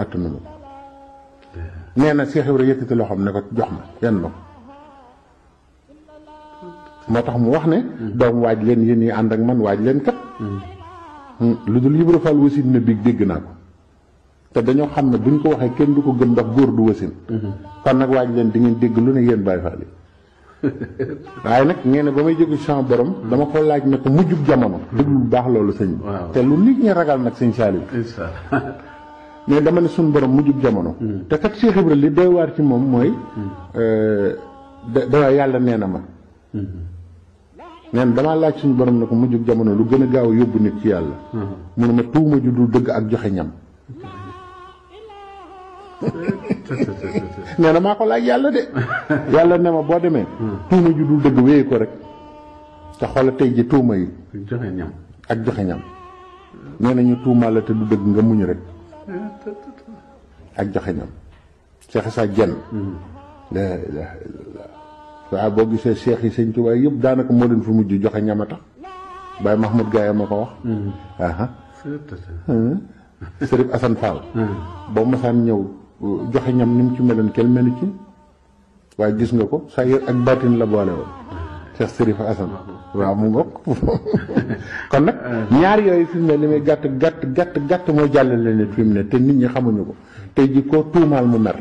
neena cheikh yow da yëkkati loxam ne ko jox ma yenn ma moo tax mu wax ne mm. doomu waaj leen yéen ñi ànd ak man waaj leen kat mm. Mm. lu dul Ibra Fall wasin na biig dégg naa ko te dañoo xam ne buñ ko waxee kenn du ko gën ndax góor du wasin mm-hmm. kon nag waaj leen di ngeen dégg lu ne yéen Baay Faal yi *laughs* waaye nag ngeen ne ba may jógu champ borom dama ko laaj ne ko mujjub jamono mm-hmm. déglu baax loolu sëñ te lu nit ñi ragal nag sëñ Saliou *laughs* mais dama ne suñu borom mujjub jamono te kat Cheikh Ibra li doy waar ci moom mooy euh, da yàlla nee na ma mm-hmm. neen damaa laaj suñu borom na ko mujju jamono lu gën a gaaw yóbbu nit ci yàlla. Uh-huh. mu tuuma ju dul dëgg ak joxe ñam. nee na *laughs* yàlla ne ma boo demee. Hmm. tuuma dëgg wéy rek te xoola tey ji tuuma joxe ñam ak joxe ñam. nee ñu tuuma la te du dëgg nga muñ rek. ak joxe ñam. Cheikh Issa waaw boo gisee seex yi sëñ Tuubaa yëpp daanaka moo leen fi mujj joxe ñama tax Baye Mahmoud Gaye ma ko wax. Mm-hmm. ah Sëriñ mm-hmm. Assane Fall. Mm-hmm. boo masaan ñëw uh, joxe ñam ni mu ci meloon kenn melu ci waaye gis nga ko sa yër ak baatin la boole woon. Cheikh Sërif Assane waaw mu ngoog *laughs* kon nag ñaar yooyu fi mu ne li muy gàtt gàtt gàtt gàtt moo jàll nit fi mu ne te nit ñi xamuñu ko tey ji koo tuumaal mu mer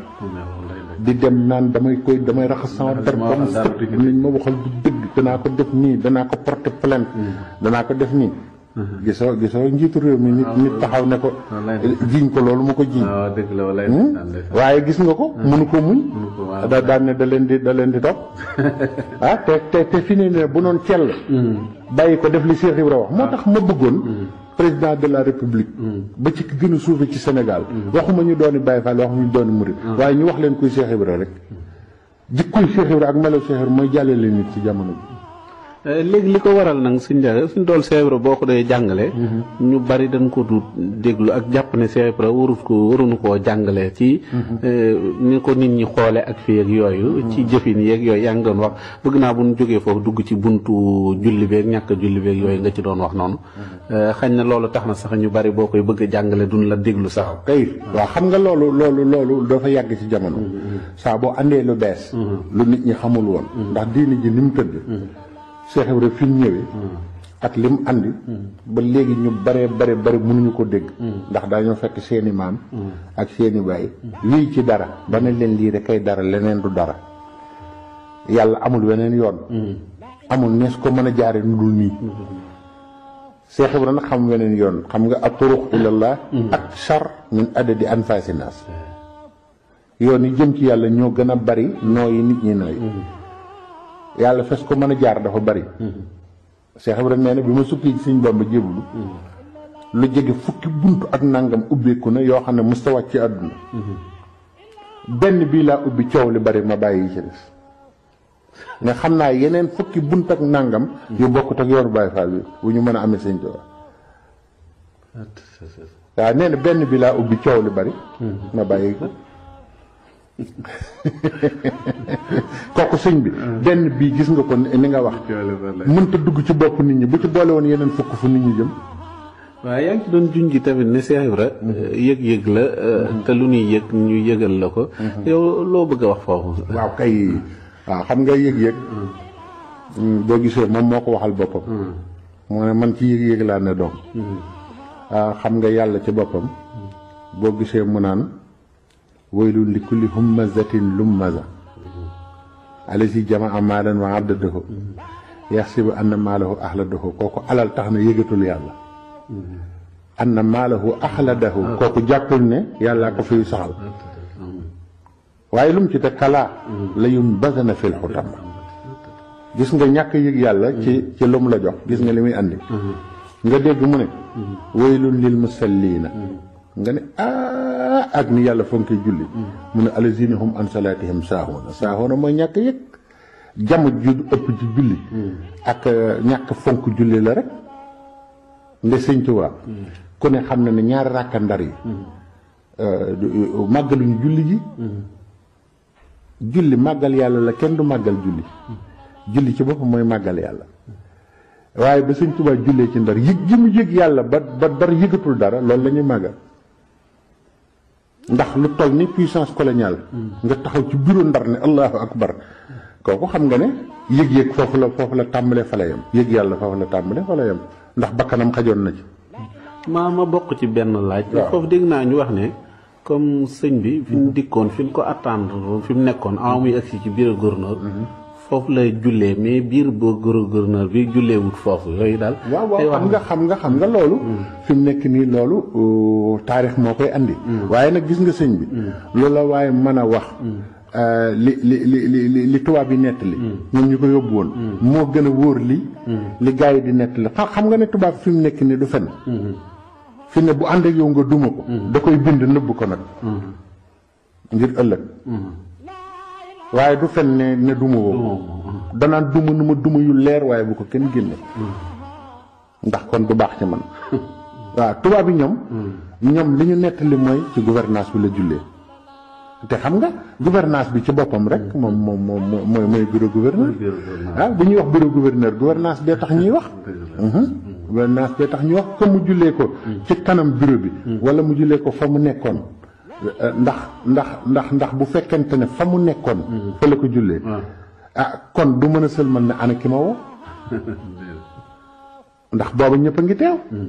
di dem naan damay koy damay raxas sama der ba mu set liñ ma waxal du dëgg danaa ko def nii danaa ko porter plainte mm-hmm. danaa ko def nii mm-hmm. gisoo gisoo njiitu réew mi nit ah, nit taxaw ne ko jiiñ ko loolu mu ko jiiñ ah, hmm? waaye gis nga ko mënu mm-hmm. ko muñ da daan ne da leen di da leen di topp *laughs* ah, te te fi ne ne bu noon cell bàyyi ko def li Cheikh Ibra wax moo tax ma bëggoon président de la république. Mm. ba ci ki gën a ci Sénégal. Mm. waxuma ñu dooni Baye Fall waxuma ñu dooni Murid. Mm. waaye ñu wax leen kuy Cheikh Ibra rek. jikkoy Cheikh Ibra ak melo Cheikh Ibra mooy jàllale nit ci jamono bi. Euh, léegi li ko waral nag suñ jaay suñ dool Cheikh boo ko dee jàngale mhm. ñu bari dañ ko du déglu ak jàpp ne Cheikh warut ko waruñu koo jàngale ci mhm. euh, ni ko nit ñi xoole ak fii ak yooyu mhm. ci jëfin yeeg yooyu yaa ngi doon wax bëgg naa bu ñu jógee foofu dugg ci buntu julli beeg ñàkk julli beeg yooyu nga ci doon wax noonu euh, xañ na loolu tax na sax ñu bari boo koy bëgg a jàngale duñ la déglu sax ah, kay ah. waaw xam nga loolu loolu loolu dafa yàgg ci jamono saa boo àndee lu bees lu nit Cheikh Ibra fi hmm. ak li mu hmm. ba léegi ñu bare bare bare mënuñu ko dégg. Hmm. ndax daañoo fekk seeni maam. ak seeni baay. wii ci dara ba ne leen lii rek ay dara leneen du dara yàlla amul weneen yoon. amul nees ko mën a jaare nu dul nii. Cheikh Ibra xam weneen yoon xam nga ab turuq la ak char min adadi anfasinaas yoon yi jëm ci yàlla ñoo gën a bari nooyi nit ñi nooy. yàlla fes ko mën a jaar dafa bari Cheikh Ibrahima nee na bi ma sukki ci Sëñ Bamba jéblu lu jege fukki bunt ak nangam ubbeeku na yoo xam ne mës ta ci àdduna benn bii laa ubbi coow li bari ma bàyyi ci des ne xam naa yeneen fukki bunt ak nangam yu bokkut ak yoonu Baye Fall bi bu ñu mën a ame Sëñ Tuubaa ah, waaw nee na benn bi laa ubbi coow li bari hmm. ma bàyyi ko *laughs* kooku sëñ bi. Ah. benn bii gis nga ko ni nga wax. mënta dugg ci bopp nit ñi bu ci boole woon yeneen fukk fu nit ñi jëm. waaw yaa ngi ci doon junj tamit ne Cheikh Ibra eh, yëg-yëg la eh, mm-hmm. te lu ñuy yëg ñu yëgal la ko. Mm-hmm. yow loo bëgg a wax foofu. waaw kay waaw xam nga yëg-yëg. Mm-hmm. Mm, boo gisee moom moo ko waxal boppam. moo ne man ci yëg-yëg laa ne doom. Ah, xam nga yàlla ci boppam. boo gisee mu naan. waylun li kulli hummazatin lummaza alasi jamaa maalan wa abdadahu yaxsibu anna maalahu axladahu kooku alal tax na yëgatul yàlla anna maalahu axladahu kooku jàppul ne yàllaa ko fiy saxal waaye lu ci te kalaa la yum basana fil xutam gis nga ñàkk yëg yàlla ci ci lu mu la jox gis nga li muy andi nga dégg mu ne waylun lil musalliina nga ne ah ak ni yàlla fonkee julli mu ne alazina hum an salaatihim saahoona saahoona mooy ñàkk yëg jam ju ëpp ci julli ak eh, ñàkk fonk julli la rek nga sëñ Tuubaa ku xam na ne ñaari ràkka ndar yi eh, màggaluñu julli ji julli màggal yàlla la kenn du màggal julli julli ci boppam mooy màggal yàlla waaye ba sëñ Tuubaa jullee ci ndar yëg gi mu yëg yàlla ba ba ndar yëgatul dara loolu lañuy ñuy màggal ndax lu toll ni puissance coloniale. nga taxaw ci bureau ndar ne allahu akbar kooku xam nga ne yëg-yëg foofu la foofu la tàmbalee fa yam yem yëg yàlla foofu la tàmbalee fa la yem ndax bakkanam xajoon na ci. maa ma bokk ci benn laaj. waaw foofu dégg naa ñu wax ne comme sëñ bi. fi mu dikkoon fi ko attan fi mu nekkoon avant muy agsi ci bureau gouverneur. Mhm. foofu la julee mais biir boo gouverneur bi julee wut foofu yooyu daal. waaw waaw xam nga xam nga xam nga loolu. Hmm. fi mu nekk nii loolu euh, taarix moo koy andi. Hmm. waaye nag gis nga sëñ bi. loolu hmm. la waaye mën a wax. Euh, li li li li tubaab yi nettali. ñoom ñu ko yóbbu woon. moo gën a wóor li li gars yi di nettali xam nga ne tubaab fi mu nekk nii du fen. fi ne bu ànd ak yow nga duma ko. da koy bind nëbb ko nag. ngir ëllëg. waaye du fen ne ne duma woo danaan duma nu ma duma yu leer waaye bu ko kenn génne ndax kon du baax ci man *laughs* waaw tubaab yi ñoom hmm. ñoom li ñu li mooy ci gouvernance bi la jullee te xam nga gouvernance bi ci boppam rek hmm. moom moom moom mooy mooy bureau gouverneur ah bu ñuy wax bureau gouverneur gouvernance bee tax ñuy wax mhm. hmm. gouvernance bee tax ñuy wax que mu jullee ko ci kanam bureau bi wala mu jullee ko fa mu nekkoon Euh, ndax ndax ndax ndax bu fekkente ne fa mu nekkoon. Mhm. fa la ko jullee. Ah. ah kon du mën a sëlmal ne ana ki ma woo. *laughs* ndax booba ñëpp a ngi teew. Mhm.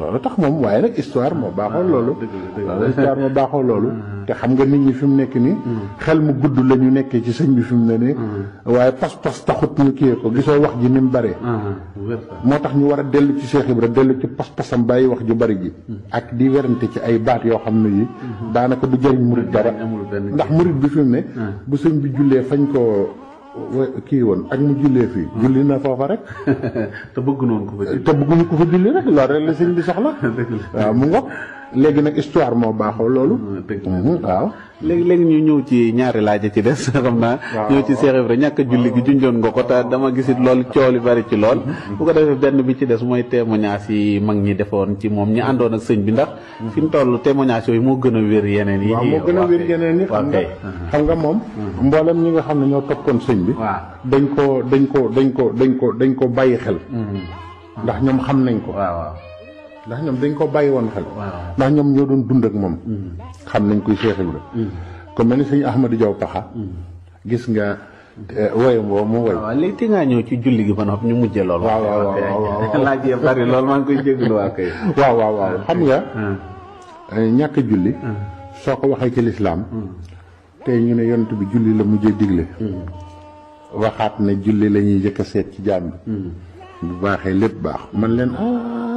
loolu tax moom waaye nag histoire moo baaxoo loolu loolu histoire moo baaxoo loolu mm-hmm. te xam nga nit ñi fi mu nekk nii mm-hmm. xel mu gudd la ñu nekkee ci sëñ bi fi mu ne nii mm-hmm. waaye pas-pas taxut ñu kii ko gisoo wax ji ni mu bëree moo tax ñu war a dellu ci Cheikh Ibra dellu ci pas-pasam bàyyi wax ju bari ji ak di werante ci ay baat yoo xam ne yi daanaka du jëriñ murit dara ndax murit bi fi mu ne bu sëñ bi jullee fañ ko kii woon ak mu jullee fii. Ah. julli na foofa rek. *laughs* te bëgg noonu ko fa julli te bëgguñu ko fa julli rek loolu rek la sëñ bi soxla. *laughs* waaw mu ngoog. léegi nag histoire moo baaxoo loolu. Hmm, waaw. léegi léegi ñu ñëw ci ñaari laaj ci des *laughs* xam naa. ñëw ci Cheikh Ibrahima ñàkk julli gi junjoon nga ko te dama gisit lool coow li bari ci lool. Hmm. bu ko defee benn bi ci des mooy témoignage yi mag ñi defoon ci moom ñi àndoon ak sëñ bi ndax. Hmm. fi mu toll témoignage yooyu moo gën a wér yeneen yi. moo gën a wér yeneen yi xam nga xam nga moom. mboolem ñi nga xam ne ñoo koon sëñ bi. waaw dañ ko dañ ko dañ ko dañ ko dañ ko bàyyi xel. ndax ñoom xam nañ ko. waaw ndax ñom dañ ko bàyyi woon xel ndax ñom ñoo doon dund ak mom xam nañ koy Cheikh Ibra mm. ko melni seigne Ahmadou Diaw taxa mm. gis nga eh, woyam woo mo woy wa li te ngaa ñëw ci julli gi ba noppi ñu mujjé lool wa wa wa la jé bari lool ma ngi koy jégalu waa kay wa wa wa xam nga mm. eh, ñak julli soko ko ci l'islam té ñu né yonent bi julli la mujjé diglé waxat né julli lañuy ñuy sét ci jamm bu baxé lepp bax man len ah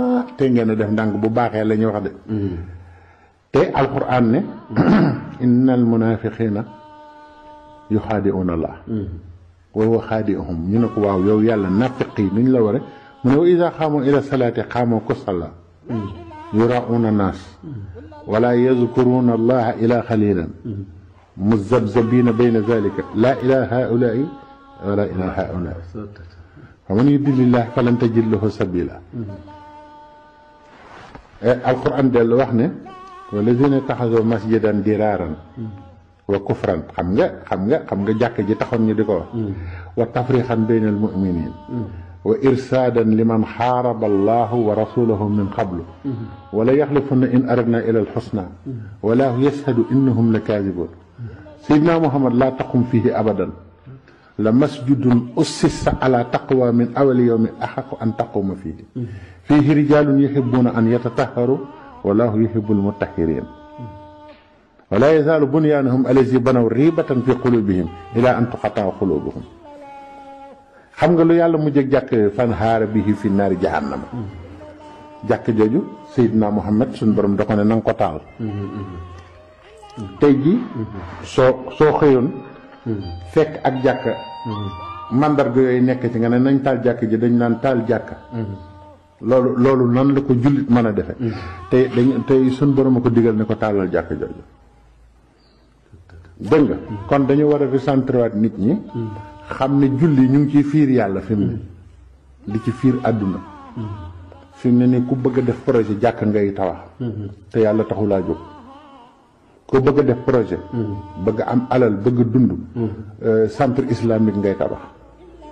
te ngeen a def ndànk bu baaxee la ñuy wax de te alquran ne innal munafiqina yuxaadi'una allah wa huwa xaadi'uhum ñu ne ko waaw yow yàlla nafiq yi nuñ la ware mu ne wa ida xaamoo ila salaati xaamoo ko salla yurauna naas wala yazkuruna allaha ila xalilan مذبذبين بين ذلك لا إلى هؤلاء ولا إلى هؤلاء فمن يدل الله فلن تجد له سبيلا القران دلو واخنا والذين اتخذوا مسجدا درارا وكفرا خمغا خمغا خمغا جاك جي تاخون ني ديكو وتفريقا بين المؤمنين وارسادا لمن حارب الله ورسوله من قبل ولا يخلفن ان اردنا الى الحسنى ولا يشهد انهم لكاذبون سيدنا محمد لا تقوم فيه ابدا لمسجد اسس على تقوى من اول يوم احق ان تقوم فيه فيه رجال يحبون أن يتطهروا والله يحب المطهرين ولا يزال بنيانهم الذي بنوا ريبة في قلوبهم إلى أن تقطع قلوبهم xam nga lu yàlla jàkk fan bihi fi naari jahannama jàkk jooju muhammad suñ borom da ko ne nang ko taal tey ji soo soo xëyoon fekk ak jàkk mandarga yooyu nekk ci nga ne nañ taal jàkk ji dañ naan taal jàkk loolu loolu nan la ko jullit mën a defe mm-hmm. tey dañ tey suñ borom a ko digal ne ko tàllal jàkk jooju dégg nga mm-hmm. kon dañu war a recentrer waat nit ñi mm-hmm. xam ne julli ñu ngi ci fiir yàlla fi mu ne di ci fiir àdduna fi mu ne ni ku bëgg a def projet jàkk ngay tawax te yàlla taxulaa jóg ku bëgg a def projet bëgg am alal bëgg dund euh, centre islamique ngay tabax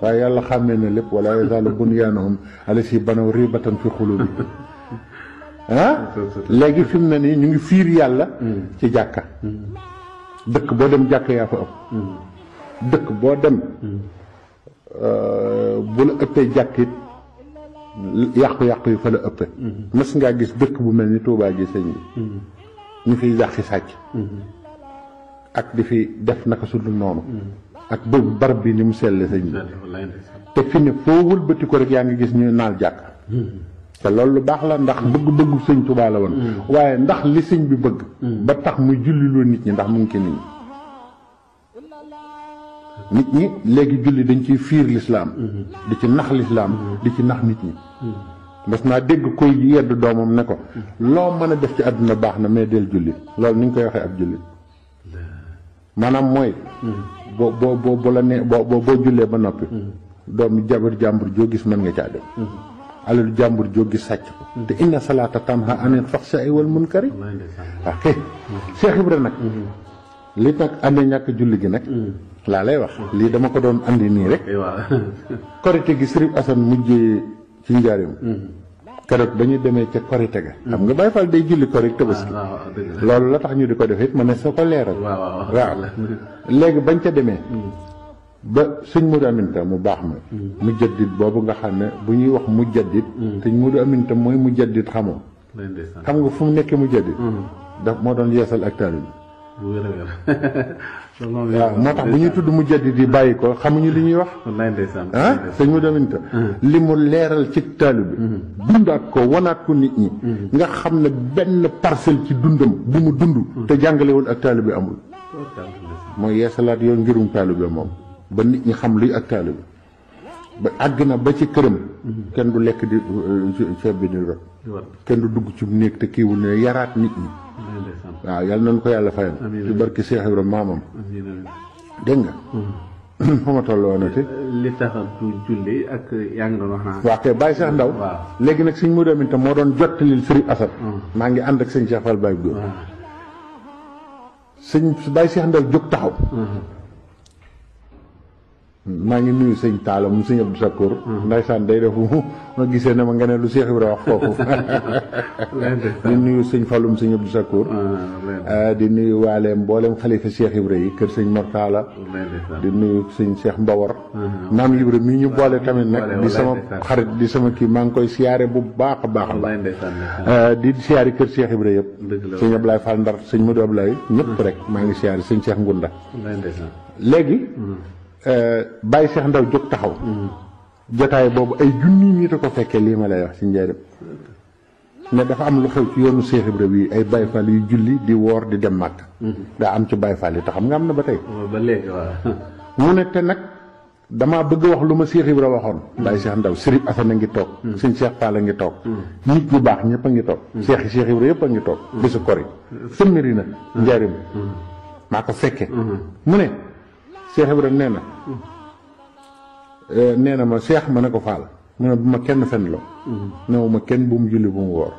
waaye yàlla xàmmee na lépp wala yazaalu bunyaanahum allazii banaw riibatan fi quluubihim ah léegi fi mu ne nii ñu ngi fiir yàlla ci jàkka dëkk boo dem jàkk yaa fa ëpp dëkk boo dem euh, bu la ëppee jàkkit yàqu-yàqu yi fa la ëppee mës ngaa gis dëkk bu mel ni Tuubaa gi sëñ bi ñu fiy yàqi sàcc ak di fi def naka su dul noonu ak bëgg barab bi ni mu selle sëñ bi te fi ne foo wëlbati ko rek yaa ngi gis ñu naal jàkk hmm. te loolu lu baax la ndax bëgg-bëggu sëñ Tuubaa la woon hmm. waaye ndax li sëñ bi bëgg hmm. ba tax muy julliloo nit ñi ndax mu ngi ci nit ñi nit ñi léegi julli dañ ciy fiir lislaam di ci nax lislaam di ci nax nit ñi mas naa dégg koy yedd doomam ne ko loo mën a def ci àdduna baax na mais del julli loolu ni ñu koy waxee ab julli maanaam mooy bo bo bo bo la nee bo bo boo jullee ba noppi. Mm. doomu jabar jàmbur joo gis mën nga caa dem. Mm. alalu jàmbur joo gis sàcc ko. Mm. te inna salaata tanha anil faxsaa'i wal munkari. ok ah, Cheikh Ibra nag. li nag andi ñàkk julli gi lay wax dama ko andi nii rek. *laughs* korite gi Sëriñ Assane mujjee ci njaarim. keroog ba ñu demee ca korite ga xam nga Baay Faal day julli korite tabaski ah, la tax ñu def it légui bañ ca démé mm. ba sëñ Modou Aminta mu bax ma mm. mujjadit bobu nga xamné ne bu ñuy wax mujjadit mm. sëñ Modou moy mooy mujjadit xamoo xam nga fu mu nekkee da mo moo doon yeesal ak bi *laughs* waaw tax di bayi ko xamuñu li ñuy wax ah sëñ mu leral li mu leeral ci ko wana ko nit ñi nga xam ne benn parcel ci dundum bu mu te ak amul mooy yeesalaat yoon ngirum taalibe moom ba nit ñi xam luy ak taalibe ba àgg na ba ci këram kenn du lekk di euh, ceeb bi di rot kenn du dugg ci néeg te kiiwu ne yaraat nit ñi waaw yàlla nañu ko yàlla fayal ci barki Seex Ibra maamam dégg nga hmm. *clears throat* fa ma toll woon ati li tax julli ak yaa doon wax naa waaw kay bàyyi Seex Ndaw léegi nag sëñ mu doon itam moo doon jottalil Sëriñ Asad hmm. maa ngi ànd ak sëñ Seex Fall Baye Góor sëñ Baye Cheikh Ndao jóg taxaw. maa ngi nuyu sëñ talam mu Abdou Sakour. ndaysan day defu ma gisse na ma ngene lu Cheikh ibrahim wax fofu di nuyu sëñ fallum sëñ Abdou Sakour. euh *laughs* di nuyu walé mbolém khalifa Cheikh ibrahim keur kër Mortala. di nuyu sëñ Cheikh Mbawar. Mm-hmm. maam Ibrahima mi ñu bolé tamit nak di sama xarit di sama ki mang koy siaré bu baax a baax a di ah, siaré keur Cheikh ibrahim yëpp. sëñ Ablaye Fall Ndar sëñ Modou Ablaye ñëpp mm-hmm. rek maa ngi siyaare sëñ Cheikh Ngunda. léegi. Euh, Baye Cheikh Ndaw jóg taxaw. jotaay boobu ay junni nit a ko fekkee lii ma lay wax ci njëriñ. dafa am lu xew ci yoonu bi ay Baye yu julli di woor di dem màkk. daa am ci Baye Fall yi te nga am na ba tey. Oh, ba *laughs* mu ne te nag damaa bëgg wax lu ma Cheikh Ibra waxoon. Baye Cheikh Ndaw Serigne Assane ngi toog. Mm. Serigne Cheikh Fall a ngi toog. Mm. ñu baax ñëpp a ngi toog. Mm. Cheikh Cheikh yëpp a ngi toog. bisu kori. na njëriñ. ko fekkee. mu ne. Cheikh ibrahim nee euh nee ma Cheikh manako fal ko buma kenn fen lo new ma kenn bum julli bum wor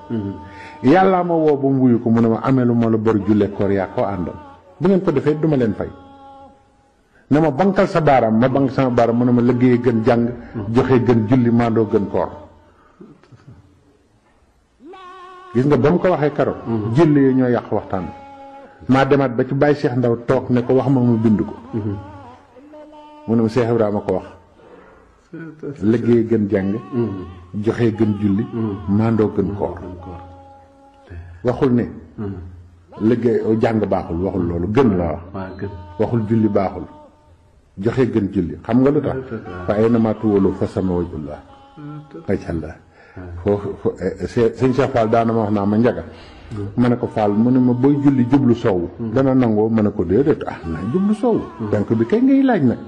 yalla ma wo bum wuyu ko mu ne ma amee ma lo bor julle kor ya ko andal bu ngeen ko defee duma len fay nama bankal sa baaraam ma bank sa baaraam mu ne ma liggey gën jang joxe gën julli ma do gën kor gis nga bam ko waxe karo julli ñoy yak waxtan ma demat ba ci bàyyi Cheikh Ndaw tok ne ko wax ma mu bindu ko mu ne ma Cheikh Ibrahima ko wax liggéey gën jàng joxe gën julli maandoo gën koor waxul ne liggéey jàng baaxul waxul loolu gën la wax waxul julli baaxul joxe gën julli xam nga lu tax fa ay namaatu wóolu fa sama wajullah wajalla foofu eh, eh, sëñ Cheikh Fall daana ma wax naa ma njaga ma ne ko faal mu ne ma booy julli jublu soow dana nangoo ma ne ko déedéet ah naa jublu soow penk bi kay ngay laaj nag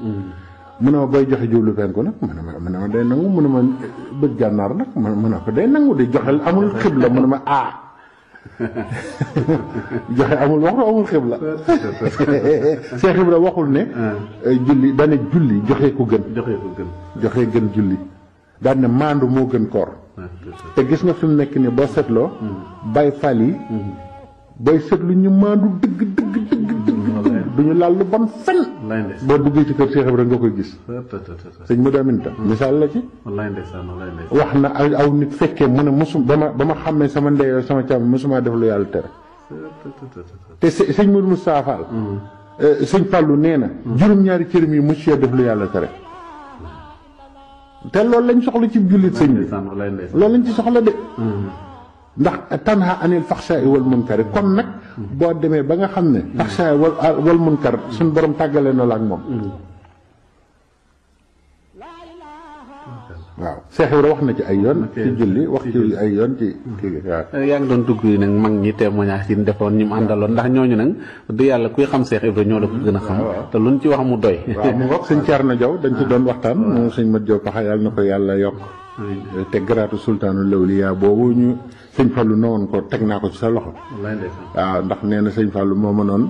mu ne ma booy joxe jublu penku nag mu ne ma ma day nangu mu ne ma bëj gànnaar nag mu ne ko amul xibla mu ne ma ah *laughs* joxe amul waxtu amul xibla Cheikh *laughs* Ibra waxul ne ah. julli dana julli joxe ko gën joxe gën julli daan ne maandu moo gën koor te gis nga fi mu nekk nii boo seetloo. bay fal yi. bay seetlu ñu maandu dëgg dëgg dëgg dëgg. du ñu laal lu bon fen boo duggee ci kër Cheikh Ibrahima nga koy gis. sëñ Modou ta misaal la ci. wax na aw nit fekkee mu ne mosum ba ma ba ma xàmmee sama ndey sama càmm mosuma def lu yàlla tere. te sëñ Modou Moustapha Fall. sëñ Fallou nee na. juróom-ñaari cërëm yi mos def lu yàlla tere. te loolu lañ soxla ci jullit sëñ bi loolu lañ ci soxla de mm-hmm. ndax tanha anil faxshaay wal munkar kon nag mm-hmm. boo demee ba nga xam ne mm-hmm. faxshaay wal wal munkar suñ borom tàggale na la ak moom waaw Seex Ibra wax na ci ay yoon. ci julli wax ci ay yoon ci hmm. kii waaw. yaa ngi doon dugg yi nag mag ñi témoignage yi ñu defoon ñu mu àndaloon ndax ñooñu nag du yàlla kuy xam Seex ba ñoo la ko gën a xam. Hmm. te luñ ci wax mu doy. waaw mu ngoog sëñ Thierno Diaw dañ ci doon waxtaan hmm. moom sëñ Mat Diaw Paxa yàlla na ko yàlla yokk. te garaatu sultaanu lawliyaa boobu ñu sëñ Fallou nowoon ko teg naa ko ci sa loxo. waaw ndax nee na sëñ Fallou moo mënoon.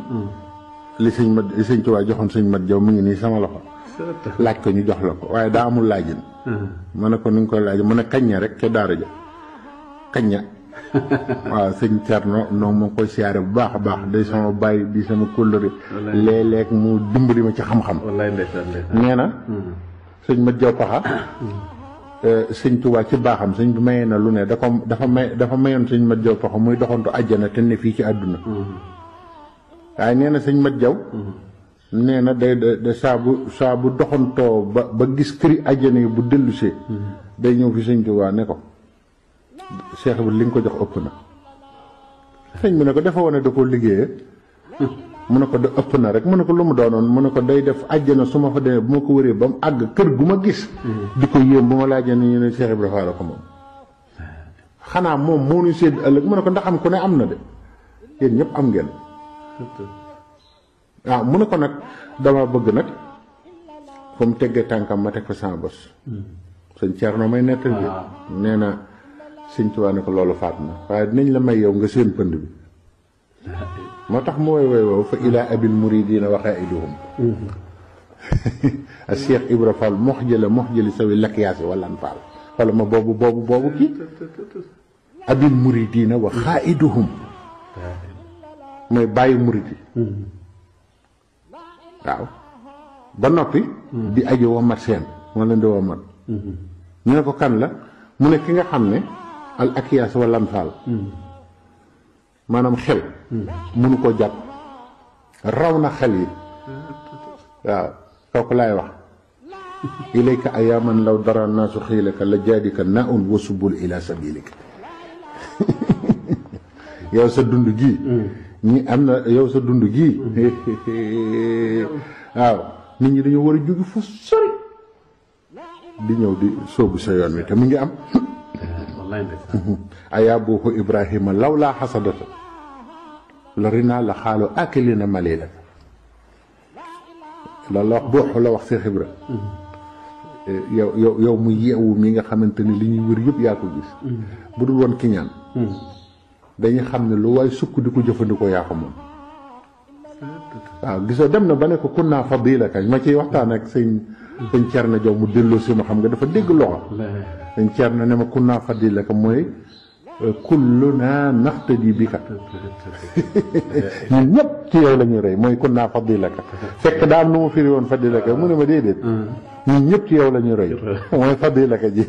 li sëñ Mat li sëñ Tuubaa joxoon sëñ Mat Diaw mu ngi nii sama loxo *laughs* laaj ko ñu jox la ko waaye daa amul laajin. Uh-huh. ma ne ko ni nga koy laaj mën ne kañña rek ca daara ja kañña *laughs* waaw sëñ Thierno noonu ma koy siyaare bu baax a baax day sama bàyyi di sama kóllëre léeg mu dimbali ma ci xam-xam nee na uh-huh. sëñ ma jow paxa *coughs* *coughs* eh, sëñ Touba ci baaxam sëñ bi mayee na lu ne da ko dafa may dafa mayoon sëñ mat jaw paxa muy doxantu àjjana te ne fii ci àdduna uh-huh. waaye nee na sëñ mat jaw nee na de da sa bu sa bu doxonto ba ba gis kri aljana yi bu delusé day ñëw fi sëñ Tuubaa ne ko cheikh bi li ko jox upp na sëñ mu ne ko dafa wone da ko liggé mu ne ko da upp na rek mu ne ko lu mu doonon mu ne ko day def aljana suma fa dem bu ko wëree bam ag kër gu ma gis diko yëm bu ma ñu Cheikh Ibrahima la ko mom xana mom mo ñu sédd ëlëk mu ne ko ndax am ku ne am na de yeen ñep am ngeen waaw ah, mu ne ko nag dama bëgg nag fa mu teggee tànkam ma teg fa sama bos sëñ Thierno may nettal bi ah. nee na sëñ Tuubaa ne ko loolu faat na waaye dinañ la may yow nga seen pënd bi moo tax mu woy woy wow fa ilaa abil muridiina waxaa iduhum *laughs* a Cheikh Ibra Fall mox jële mox jëli sawi lakyaasi walla an kii abil muridiina waxaa bàyyi murid waaw ba noppi di aji womat seen moo leen di womat mm-hmm. ñu ne ko kan la mu ne ki nga xam ne al akiyaas wala lamsaal mm-hmm. maanaam xel mënu mm-hmm. ko jàpp raw na xel yi waaw kooku laay wax *laughs* ilayka ayaman law dara naasu xiilaka la jaadika na un wasubul ila sabilika *laughs* yow sa dund gii mm. ñi am na yow sa dund gii *laughs* waaw nit ñi dañoo war a jóge fu sori di ñëw di soobu sa yoon wi te mu ngi am *laughs* ayaa booxu ibrahima law laa xasadata la rinaa la xaalo akilina malila la la wax booxu la wax Seex Ibra mm-hmm. yow yow yow mu yeewu mi nga xamante ni li ñuy wër yëpp yaa ko gis mm-hmm. bu dul woon kiñaan mm-hmm. dañuy xam ne lu waay sukk di ko jëfandikoo yaa ko moom waaw gisoo dem na ba ne ko kunnaa fadila kañ ma ciy waxtaan ak sëñ sëñ na Jaw mu delloo si ma xam nga dafa dégg loxo sëñ na ne ma kunnaa fadila ka mooy kullu naa naxtadi bi ka ñun ñëpp ci yow la ñu rey mooy kunnaa fadila ka fekk daa am nu mu firi woon fadila ka mu ne ma déedéet ñun ñëpp ci yow la ñu rey mooy fadila ka ji